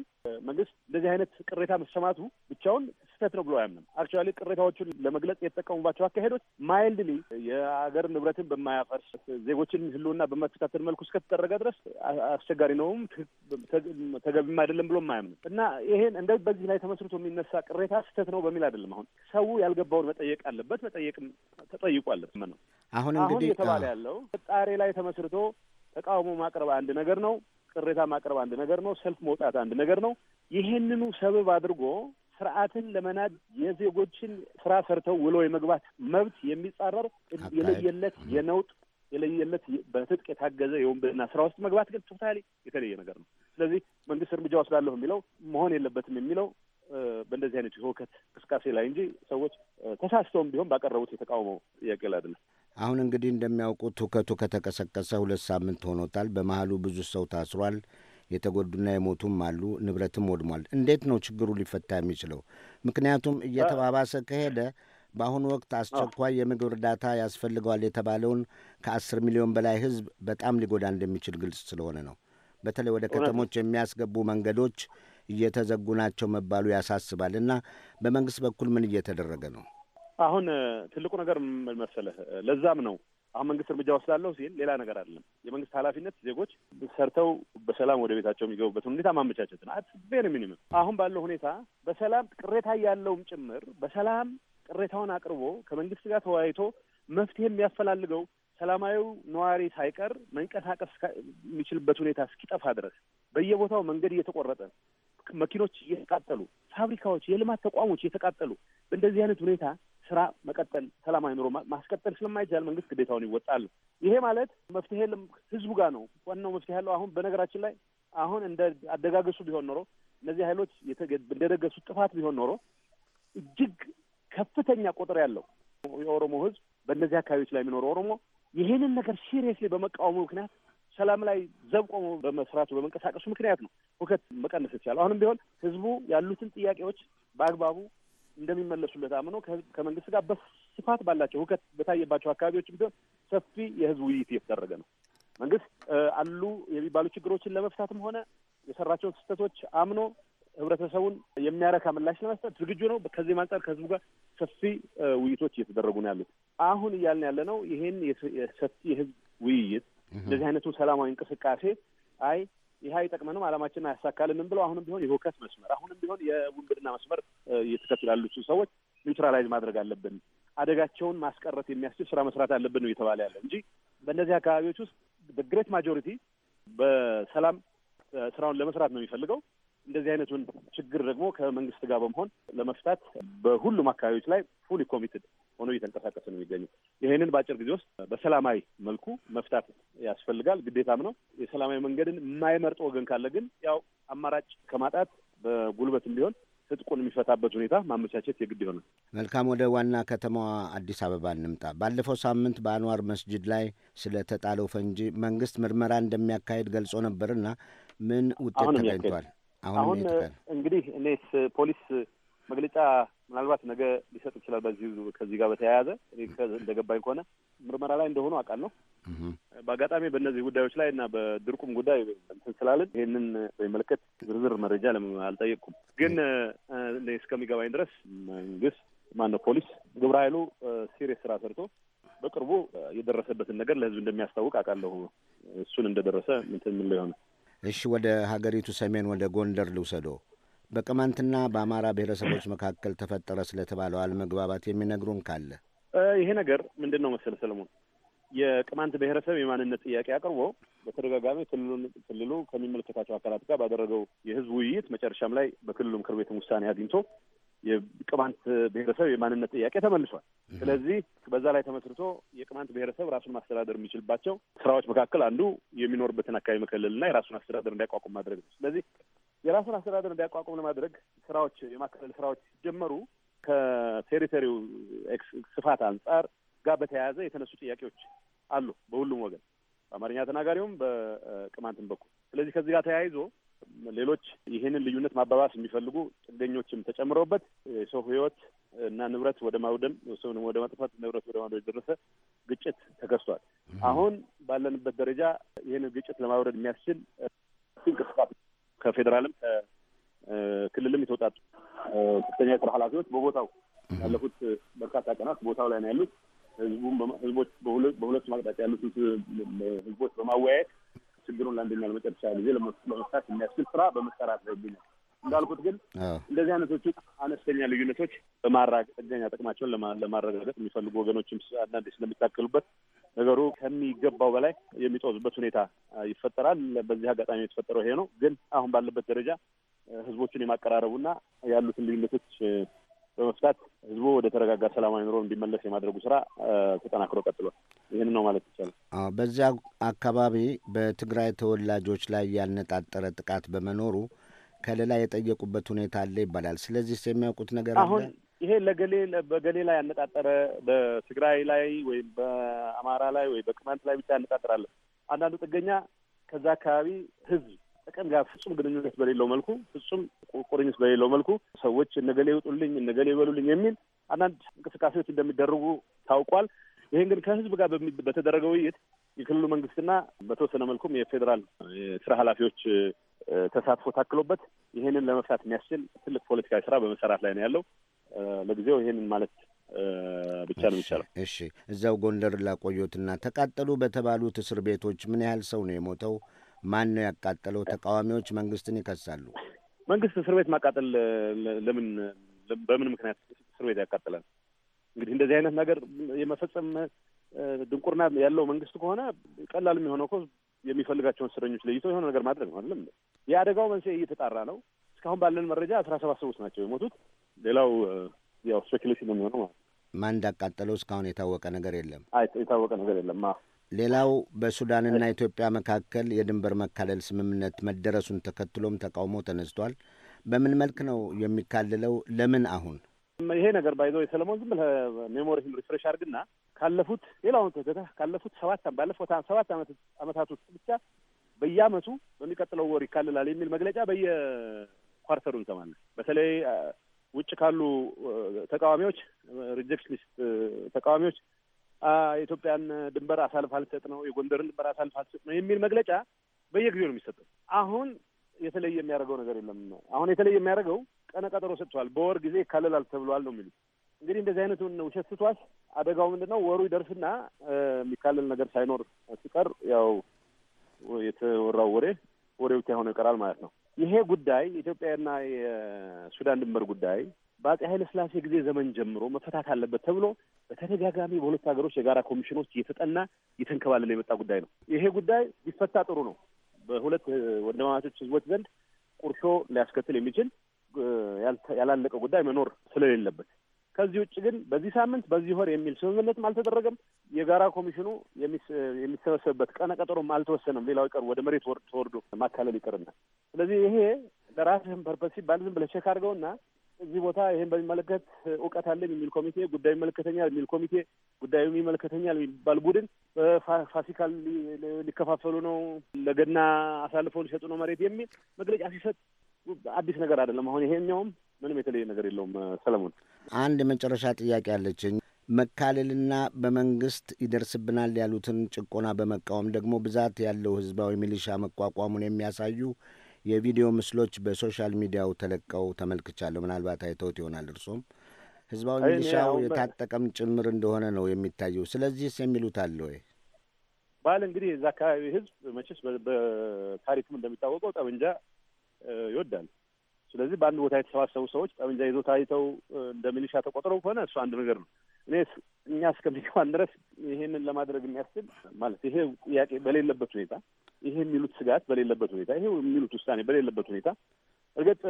መንግስት እንደዚህ አይነት ቅሬታ መሰማቱ ብቻውን ስህተት ነው ብሎ አያምንም። አክቹዋሊ ቅሬታዎቹን ለመግለጽ የተጠቀሙባቸው አካሄዶች ማይልድሊ የሀገር ንብረትን በማያፈርስ ዜጎችን ህልውና በማተካተል መልኩ እስከተደረገ ድረስ አስቸጋሪ ነውም ተገቢም አይደለም ብሎ አያምንም እና ይሄን እንደ በዚህ ላይ ተመስርቶ የሚነሳ ቅሬታ ስህተት ነው በሚል አይደለም። አሁን ሰው ያልገባውን መጠየቅ አለበት፣ መጠየቅም ተጠይቋለት ነው አሁን እንግዲህ እየተባለ ያለው ጣሬ ላይ ተመስርቶ ተቃውሞ ማቅረብ አንድ ነገር ነው። ቅሬታ ማቅረብ አንድ ነገር ነው። ሰልፍ መውጣት አንድ ነገር ነው። ይህንኑ ሰበብ አድርጎ ስርዓትን ለመናድ የዜጎችን ስራ ሰርተው ውሎ የመግባት መብት የሚጻረር የለየለት የነውጥ የለየለት በትጥቅ የታገዘ የወንብድና ስራ ውስጥ መግባት ግን ቶታሊ የተለየ ነገር ነው። ስለዚህ መንግስት እርምጃ ወስዳለሁ የሚለው መሆን የለበትም የሚለው በእንደዚህ አይነት የሁከት እንቅስቃሴ ላይ እንጂ ሰዎች ተሳስተውም ቢሆን ባቀረቡት የተቃውሞ ጥያቄ ላይ አይደለም።
አሁን እንግዲህ እንደሚያውቁት ሁከቱ ከተቀሰቀሰ ሁለት ሳምንት ሆኖታል። በመሀሉ ብዙ ሰው ታስሯል። የተጎዱና የሞቱም አሉ። ንብረትም ወድሟል። እንዴት ነው ችግሩ ሊፈታ የሚችለው? ምክንያቱም እየተባባሰ ከሄደ በአሁኑ ወቅት አስቸኳይ የምግብ እርዳታ ያስፈልገዋል የተባለውን ከአስር ሚሊዮን በላይ ሕዝብ በጣም ሊጎዳ እንደሚችል ግልጽ ስለሆነ ነው። በተለይ ወደ ከተሞች የሚያስገቡ መንገዶች እየተዘጉ ናቸው መባሉ ያሳስባል እና በመንግስት በኩል ምን እየተደረገ ነው?
አሁን ትልቁ ነገር መሰለህ? ለዛም ነው አሁን መንግስት እርምጃ ወስዳለሁ ሲል ሌላ ነገር አይደለም። የመንግስት ኃላፊነት ዜጎች ሰርተው በሰላም ወደ ቤታቸው የሚገቡበትን ሁኔታ ማመቻቸት ነው። አትቬሪ ሚኒምም አሁን ባለው ሁኔታ በሰላም ቅሬታ ያለውም ጭምር በሰላም ቅሬታውን አቅርቦ ከመንግስት ጋር ተወያይቶ መፍትሄ የሚያፈላልገው ሰላማዊው ነዋሪ ሳይቀር መንቀሳቀስ የሚችልበት ሁኔታ እስኪጠፋ ድረስ በየቦታው መንገድ እየተቆረጠ መኪኖች እየተቃጠሉ፣ ፋብሪካዎች፣ የልማት ተቋሞች እየተቃጠሉ በእንደዚህ አይነት ሁኔታ ስራ መቀጠል፣ ሰላማዊ ኑሮ ማስቀጠል ስለማይቻል መንግስት ግዴታውን ይወጣል። ይሄ ማለት መፍትሄ ህዝቡ ጋር ነው። ዋናው መፍትሄ ያለው አሁን በነገራችን ላይ አሁን እንደ አደጋገሱ ቢሆን ኖሮ እነዚህ ኃይሎች እንደደገሱት ጥፋት ቢሆን ኖሮ እጅግ ከፍተኛ ቁጥር ያለው የኦሮሞ ህዝብ በእነዚህ አካባቢዎች ላይ የሚኖረው ኦሮሞ ይህንን ነገር ሲሪየስሊ በመቃወሙ ምክንያት ሰላም ላይ ዘብ ቆሞ በመስራቱ በመንቀሳቀሱ ምክንያት ነው ሁከት መቀነስ የተቻለው። አሁንም ቢሆን ህዝቡ ያሉትን ጥያቄዎች በአግባቡ እንደሚመለሱለት አምኖ ከመንግስት ጋር በስፋት ባላቸው ሁከት በታየባቸው አካባቢዎችም ቢሆን ሰፊ የህዝብ ውይይት እየተደረገ ነው። መንግስት አሉ የሚባሉ ችግሮችን ለመፍታትም ሆነ የሰራቸውን ስህተቶች አምኖ ህብረተሰቡን የሚያረካ ምላሽ ለመስጠት ዝግጁ ነው። ከዚህም አንጻር ከህዝቡ ጋር ሰፊ ውይይቶች እየተደረጉ ነው ያሉት። አሁን እያልን ያለ ነው ይህን ሰፊ የህዝብ ውይይት እንደዚህ አይነቱ ሰላማዊ እንቅስቃሴ አይ ይህ አይጠቅመንም፣ አላማችን አያሳካልንም ብለው አሁንም ቢሆን የሁከት መስመር አሁንም ቢሆን የውንብድና መስመር እየተከትሉ ያሉት ሰዎች ኒውትራላይዝ ማድረግ አለብን፣ አደጋቸውን ማስቀረት የሚያስችል ስራ መስራት አለብን ነው እየተባለ ያለ እንጂ በእነዚህ አካባቢዎች ውስጥ በግሬት ማጆሪቲ በሰላም ስራውን ለመስራት ነው የሚፈልገው። እንደዚህ አይነቱን ችግር ደግሞ ከመንግስት ጋር በመሆን ለመፍታት በሁሉም አካባቢዎች ላይ ፉሊ ኮሚትድ ሆኖ እየተንቀሳቀሰ ነው የሚገኙ። ይህንን በአጭር ጊዜ ውስጥ በሰላማዊ መልኩ መፍታት ያስፈልጋል፣ ግዴታም ነው። የሰላማዊ መንገድን የማይመርጥ ወገን ካለ ግን ያው አማራጭ ከማጣት በጉልበትም ቢሆን ትጥቁን የሚፈታበት ሁኔታ ማመቻቸት የግድ ይሆናል።
መልካም። ወደ ዋና ከተማዋ አዲስ አበባ እንምጣ። ባለፈው ሳምንት በአንዋር መስጂድ ላይ ተጣለው ፈንጂ መንግስት ምርመራ እንደሚያካሄድ ገልጾ ነበርና ምን ውጤት ተገኝቷል?
አሁን እንግዲህ እኔ ፖሊስ መግለጫ ምናልባት ነገ ሊሰጥ ይችላል። በዚህ ከዚህ ጋር በተያያዘ እንደገባኝ ከሆነ ምርመራ ላይ እንደሆኑ አውቃለሁ። በአጋጣሚ በእነዚህ ጉዳዮች ላይ እና በድርቁም ጉዳይ እንትን ስላለን ይህንን በሚመለከት ዝርዝር መረጃ አልጠየቅኩም። ግን እስከሚገባኝ ድረስ መንግስት ማነው ፖሊስ ግብረ ኃይሉ ሲሪየስ ስራ ሰርቶ በቅርቡ የደረሰበትን ነገር ለህዝብ እንደሚያስታውቅ አውቃለሁ። እሱን እንደደረሰ ምንትን ምን ላይ
እሺ፣ ወደ ሀገሪቱ ሰሜን ወደ ጎንደር ልውሰዶ በቅማንትና በአማራ ብሔረሰቦች መካከል ተፈጠረ ስለተባለው አለመግባባት የሚነግሩን ካለ?
ይሄ ነገር ምንድን ነው መሰለ ሰለሞን፣ የቅማንት ብሔረሰብ የማንነት ጥያቄ አቅርቦ በተደጋጋሚ ክልሉ ከሚመለከታቸው አካላት ጋር ባደረገው የህዝብ ውይይት መጨረሻም ላይ በክልሉ ምክር ቤትም ውሳኔ አግኝቶ የቅማንት ብሔረሰብ የማንነት ጥያቄ ተመልሷል። ስለዚህ በዛ ላይ ተመስርቶ የቅማንት ብሔረሰብ ራሱን ማስተዳደር የሚችልባቸው ስራዎች መካከል አንዱ የሚኖርበትን አካባቢ መከለልና የራሱን አስተዳደር እንዲያቋቁም ማድረግ ነው። ስለዚህ የራሱን አስተዳደር እንዲያቋቁም ለማድረግ ስራዎች የማካለል ስራዎች ሲጀመሩ ከቴሪቶሪው ስፋት አንጻር ጋር በተያያዘ የተነሱ ጥያቄዎች አሉ በሁሉም ወገን በአማርኛ ተናጋሪውም በቅማንትን በኩል። ስለዚህ ከዚህ ጋር ተያይዞ ሌሎች ይህንን ልዩነት ማባባስ የሚፈልጉ ጥገኞችም ተጨምረውበት የሰው ህይወት እና ንብረት ወደ ማውደም ሰው ወደ ማጥፋት ንብረት ወደ ማውደም የደረሰ ግጭት ተከስቷል። አሁን ባለንበት ደረጃ ይህንን ግጭት ለማውረድ የሚያስችል እንቅስቃሴ ከፌዴራልም ከክልልም የተወጣጡ ከፍተኛ የስራ ኃላፊዎች በቦታው ያለፉት በርካታ ቀናት ቦታው ላይ ነው ያሉት። ህዝቡም ህዝቦች በሁለቱም አቅጣጫ ያሉት ህዝቦች በማወያየት ችግሩን ለአንደኛ ለመጨረሻ ጊዜ ለመፍታት የሚያስችል ስራ በመሰራት ላይ ይገኛል። እንዳልኩት ግን እንደዚህ አይነቶቹ አነስተኛ ልዩነቶች በማራገጥ ጥገኛ ጥቅማቸውን ለማረጋገጥ የሚፈልጉ ወገኖችም አንዳንዴ ስለሚታከሉበት ነገሩ ከሚገባው በላይ የሚጦዝበት ሁኔታ ይፈጠራል። በዚህ አጋጣሚ የተፈጠረው ይሄ ነው። ግን አሁን ባለበት ደረጃ ህዝቦችን የማቀራረቡና ያሉትን ልዩነቶች በመፍታት ህዝቡ ወደ ተረጋጋ ሰላማዊ ኑሮ እንዲመለስ የማድረጉ ስራ ተጠናክሮ ቀጥሏል። ይህን ነው ማለት ይቻላል።
በዚያ አካባቢ በትግራይ ተወላጆች ላይ ያነጣጠረ ጥቃት በመኖሩ ከሌላ የጠየቁበት ሁኔታ አለ ይባላል። ስለዚህ የሚያውቁት ነገር አለ
ይሄ ለገሌ በገሌ ላይ ያነጣጠረ በትግራይ ላይ ወይም በአማራ ላይ ወይም በቅማንት ላይ ብቻ ያነጣጠራለን። አንዳንዱ ጥገኛ ከዛ አካባቢ ህዝብ ጥቅም ጋር ፍጹም ግንኙነት በሌለው መልኩ ፍጹም ቁርኝት በሌለው መልኩ ሰዎች እነገሌ ይውጡልኝ እነገሌ ይበሉልኝ የሚል አንዳንድ እንቅስቃሴዎች እንደሚደረጉ ታውቋል። ይህን ግን ከህዝብ ጋር በተደረገ ውይይት የክልሉ መንግስትና በተወሰነ መልኩም የፌዴራል የስራ ኃላፊዎች ተሳትፎ ታክሎበት ይህንን ለመፍታት የሚያስችል ትልቅ ፖለቲካዊ ስራ በመሰራት ላይ ነው ያለው። ለጊዜው ይሄንን ማለት ብቻ ነው የሚቻለው።
እሺ እዚያው ጎንደር ላቆዩትና ተቃጠሉ በተባሉት እስር ቤቶች ምን ያህል ሰው ነው የሞተው? ማን ነው ያቃጠለው? ተቃዋሚዎች መንግስትን ይከሳሉ።
መንግስት እስር ቤት ማቃጠል ለምን በምን ምክንያት እስር ቤት ያቃጥላል? እንግዲህ እንደዚህ አይነት ነገር የመፈጸም ድንቁርና ያለው መንግስት ከሆነ ቀላል የሚሆነው እኮ የሚፈልጋቸውን እስረኞች ለይቶ የሆነ ነገር ማድረግ ነው አይደለም? የአደጋው መንስኤ እየተጣራ ነው። እስካሁን ባለን መረጃ አስራ ሰባት ሰዎች ናቸው የሞቱት። ሌላው ያው ስፔኪሌሽን ነው የሚሆነው ማለት ነው።
ማን እንዳቃጠለው እስካሁን የታወቀ ነገር የለም።
አይ የታወቀ ነገር የለም።
ሌላው በሱዳንና ኢትዮጵያ መካከል የድንበር መካለል ስምምነት መደረሱን ተከትሎም ተቃውሞ ተነስቷል። በምን መልክ ነው የሚካልለው? ለምን አሁን
ይሄ ነገር ባይዞ የሰለሞን ዝም ብለህ ሜሞሪህን ሪፍሬሽ አድርግና ካለፉት ሌላውን ተገተህ ካለፉት ሰባት ባለፈው ሰባት አመታት ውስጥ ብቻ በየአመቱ በሚቀጥለው ወር ይካልላል የሚል መግለጫ በየኳርተሩ እንሰማለን። በተለይ ውጭ ካሉ ተቃዋሚዎች ሊስት ተቃዋሚዎች የኢትዮጵያን ድንበር አሳልፍ አልሰጥ ነው የጎንደርን ድንበር አሳልፍ አልሰጥ ነው የሚል መግለጫ በየጊዜው ነው የሚሰጠው። አሁን የተለየ የሚያደርገው ነገር የለም። አሁን የተለየ የሚያደርገው ቀነ ቀጠሮ ሰጥተዋል። በወር ጊዜ ይካለላል ተብሏል ነው የሚሉት። እንግዲህ እንደዚህ አይነቱን ውሸት ስቷስ አደጋው ምንድን ነው? ወሩ ይደርስና የሚካለል ነገር ሳይኖር ሲቀር ያው የተወራው ወሬ ወሬ ብቻ ሆኖ ይቀራል ማለት ነው። ይሄ ጉዳይ የኢትዮጵያና የሱዳን ድንበር ጉዳይ በአጼ ኃይለ ስላሴ ጊዜ ዘመን ጀምሮ መፈታት አለበት ተብሎ በተደጋጋሚ በሁለቱ ሀገሮች የጋራ ኮሚሽኖች እየተጠና እየተንከባለለ የመጣ ጉዳይ ነው። ይሄ ጉዳይ ቢፈታ ጥሩ ነው። በሁለት ወንድማማቾች ህዝቦች ዘንድ ቁርሾ ሊያስከትል የሚችል ያላለቀ ጉዳይ መኖር ስለሌለበት ከዚህ ውጭ ግን በዚህ ሳምንት በዚህ ወር የሚል ስምምነትም አልተደረገም። የጋራ ኮሚሽኑ የሚሰበሰብበት ቀነ ቀጠሮም አልተወሰነም። ሌላው ይቀር ወደ መሬት ተወርዶ ማካለል ይቅርና፣ ስለዚህ ይሄ ለራስህም ፐርፐስ ሲባል ዝም ብለህ ቼክ አድርገውና እዚህ ቦታ ይህን በሚመለከት እውቀት አለኝ የሚል ኮሚቴ፣ ጉዳዩ ይመለከተኛል የሚል ኮሚቴ፣ ጉዳዩ ይመለከተኛል የሚባል ቡድን በፋሲካል ሊከፋፈሉ ነው፣ ለገና አሳልፈው ሊሰጡ ነው መሬት የሚል መግለጫ ሲሰጥ አዲስ ነገር አይደለም። አሁን ይሄኛውም ምንም የተለየ ነገር የለውም። ሰለሞን
አንድ የመጨረሻ ጥያቄ አለችኝ። መካለልና በመንግስት ይደርስብናል ያሉትን ጭቆና በመቃወም ደግሞ ብዛት ያለው ህዝባዊ ሚሊሻ መቋቋሙን የሚያሳዩ የቪዲዮ ምስሎች በሶሻል ሚዲያው ተለቀው ተመልክቻለሁ። ምናልባት አይተውት ይሆናል እርሶም። ህዝባዊ ሚሊሻው የታጠቀም ጭምር እንደሆነ ነው የሚታየው። ስለዚህስ የሚሉት አለ ወይ?
ባል እንግዲህ እዛ አካባቢ ህዝብ መቼስ በታሪክም እንደሚታወቀው ጠመንጃ ይወዳል። ስለዚህ በአንድ ቦታ የተሰባሰቡ ሰዎች ጠመንጃ ይዞ ታይተው እንደ ሚሊሻ ተቆጥረው ከሆነ እሱ አንድ ነገር ነው። እኔ እኛ እስከሚገባን ድረስ ይሄንን ለማድረግ የሚያስችል ማለት ይሄ ጥያቄ በሌለበት ሁኔታ ይሄ የሚሉት ስጋት በሌለበት ሁኔታ ይሄ የሚሉት ውሳኔ በሌለበት ሁኔታ እርግጥ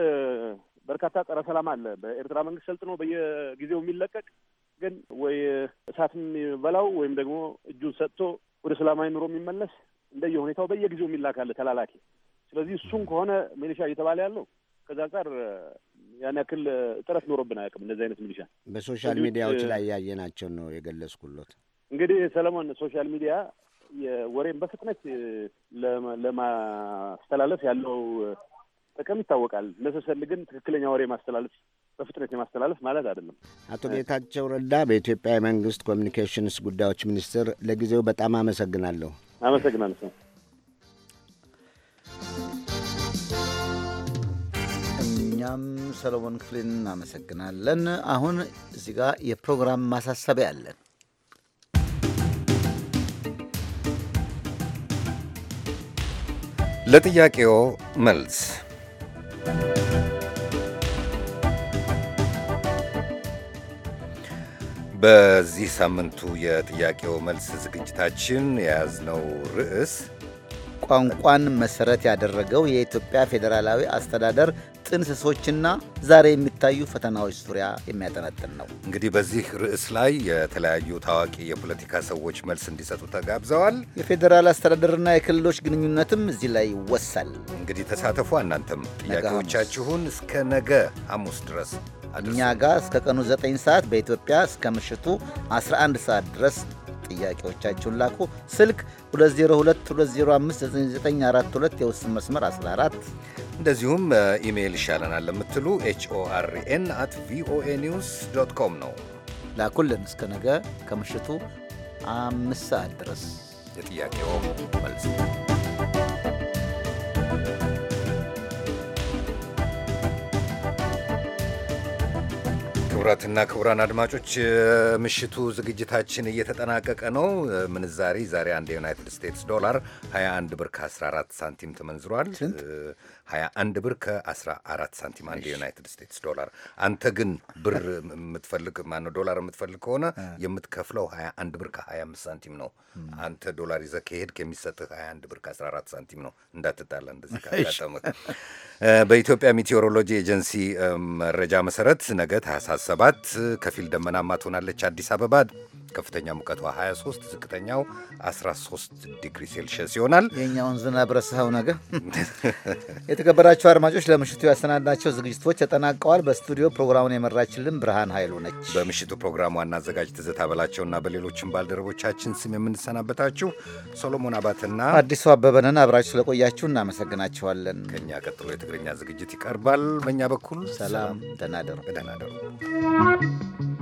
በርካታ ጸረ ሰላም አለ በኤርትራ መንግስት ሰልጥኖ በየጊዜው የሚለቀቅ ግን ወይ እሳት የሚበላው ወይም ደግሞ እጁን ሰጥቶ ወደ ሰላማዊ ኑሮ የሚመለስ እንደየ ሁኔታው በየጊዜው የሚላካለ ተላላኪ። ስለዚህ እሱን ከሆነ ሚሊሻ እየተባለ ያለው ከዛ አንጻር ያን ያክል ጥረት ኖሮብን አያውቅም። እንደዚህ አይነት ሚሊሻ
በሶሻል ሚዲያዎች ላይ ያየናቸው ነው የገለጽኩሎት።
እንግዲህ ሰለሞን፣ ሶሻል ሚዲያ የወሬን በፍጥነት ለማስተላለፍ ያለው ጥቅም ይታወቃል። ነሰሰል ግን ትክክለኛ ወሬ ማስተላለፍ በፍጥነት የማስተላለፍ ማለት አይደለም። አቶ
ጌታቸው ረዳ በኢትዮጵያ የመንግስት ኮሚኒኬሽንስ ጉዳዮች ሚኒስቴር፣ ለጊዜው በጣም አመሰግናለሁ።
አመሰግናለሁ።
እኛም ሰለሞን ክፍሌን እናመሰግናለን። አሁን እዚህ ጋር የፕሮግራም ማሳሰቢያ አለን።
ለጥያቄዎ መልስ በዚህ ሳምንቱ የጥያቄው መልስ ዝግጅታችን የያዝነው ርዕስ ቋንቋን
መሰረት ያደረገው የኢትዮጵያ ፌዴራላዊ አስተዳደር ጥንስሶችና ዛሬ የሚታዩ
ፈተናዎች ዙሪያ የሚያጠነጥን ነው። እንግዲህ በዚህ ርዕስ ላይ የተለያዩ ታዋቂ የፖለቲካ ሰዎች መልስ እንዲሰጡ ተጋብዘዋል።
የፌዴራል አስተዳደርና የክልሎች ግንኙነትም እዚህ ላይ ይወሳል። እንግዲህ ተሳተፉ። እናንተም
ጥያቄዎቻችሁን እስከ ነገ ሐሙስ ድረስ
እኛ ጋር እስከ ቀኑ 9 ሰዓት በኢትዮጵያ እስከ ምሽቱ 11 ሰዓት ድረስ ጥያቄዎቻችሁን ላኩ። ስልክ 2022059942
የውስጥ መስመር 14 እንደዚሁም ኢሜይል ይሻለናል ለምትሉ ኤችኦአርኤን አት ቪኦኤ ኒውስ ዶት ኮም ነው ላኩልን። እስከ ነገ ከምሽቱ አምስት ሰዓት ድረስ የጥያቄው መልስ ክቡራትና ክቡራን አድማጮች ምሽቱ ዝግጅታችን እየተጠናቀቀ ነው። ምንዛሪ ዛሬ አንድ የዩናይትድ ስቴትስ ዶላር 21 ብር ከ14 ሳንቲም ተመንዝሯል። 21 ብር ከ14 ሳንቲም አንድ የዩናይትድ ስቴትስ ዶላር። አንተ ግን ብር የምትፈልግ ማነው ዶላር የምትፈልግ ከሆነ የምትከፍለው 21 ብር ከ25 ሳንቲም ነው። አንተ ዶላር ይዘህ ከሄድክ የሚሰጥህ 21 ብር ከ14 ሳንቲም ነው። እንዳትጣለ እንደዚህ ካጋጠመ። በኢትዮጵያ ሜቴዎሮሎጂ ኤጀንሲ መረጃ መሰረት ነገ ታህሳስ ሰባት ከፊል ደመናማ ትሆናለች አዲስ አበባ ከፍተኛ ሙቀቷ 23፣ ዝቅተኛው 13 ዲግሪ ሴልሽስ ይሆናል። የእኛውን ዝናብ ረሳኸው ነገ።
የተከበራችሁ አድማጮች ለምሽቱ ያሰናዳቸው ዝግጅቶች ተጠናቀዋል። በስቱዲዮ
ፕሮግራሙን የመራችልን ብርሃን ኃይሉ ነች። በምሽቱ ፕሮግራም ዋና አዘጋጅ ትዝታ በላቸውና በሌሎችም ባልደረቦቻችን ስም የምንሰናበታችሁ ሶሎሞን አባትና አዲሱ
አበበንን አብራችሁ ስለቆያችሁ
እናመሰግናቸዋለን። ከእኛ ቀጥሎ የትግርኛ ዝግጅት ይቀርባል። በእኛ በኩል ሰላም፣ ደህና
ደሩ።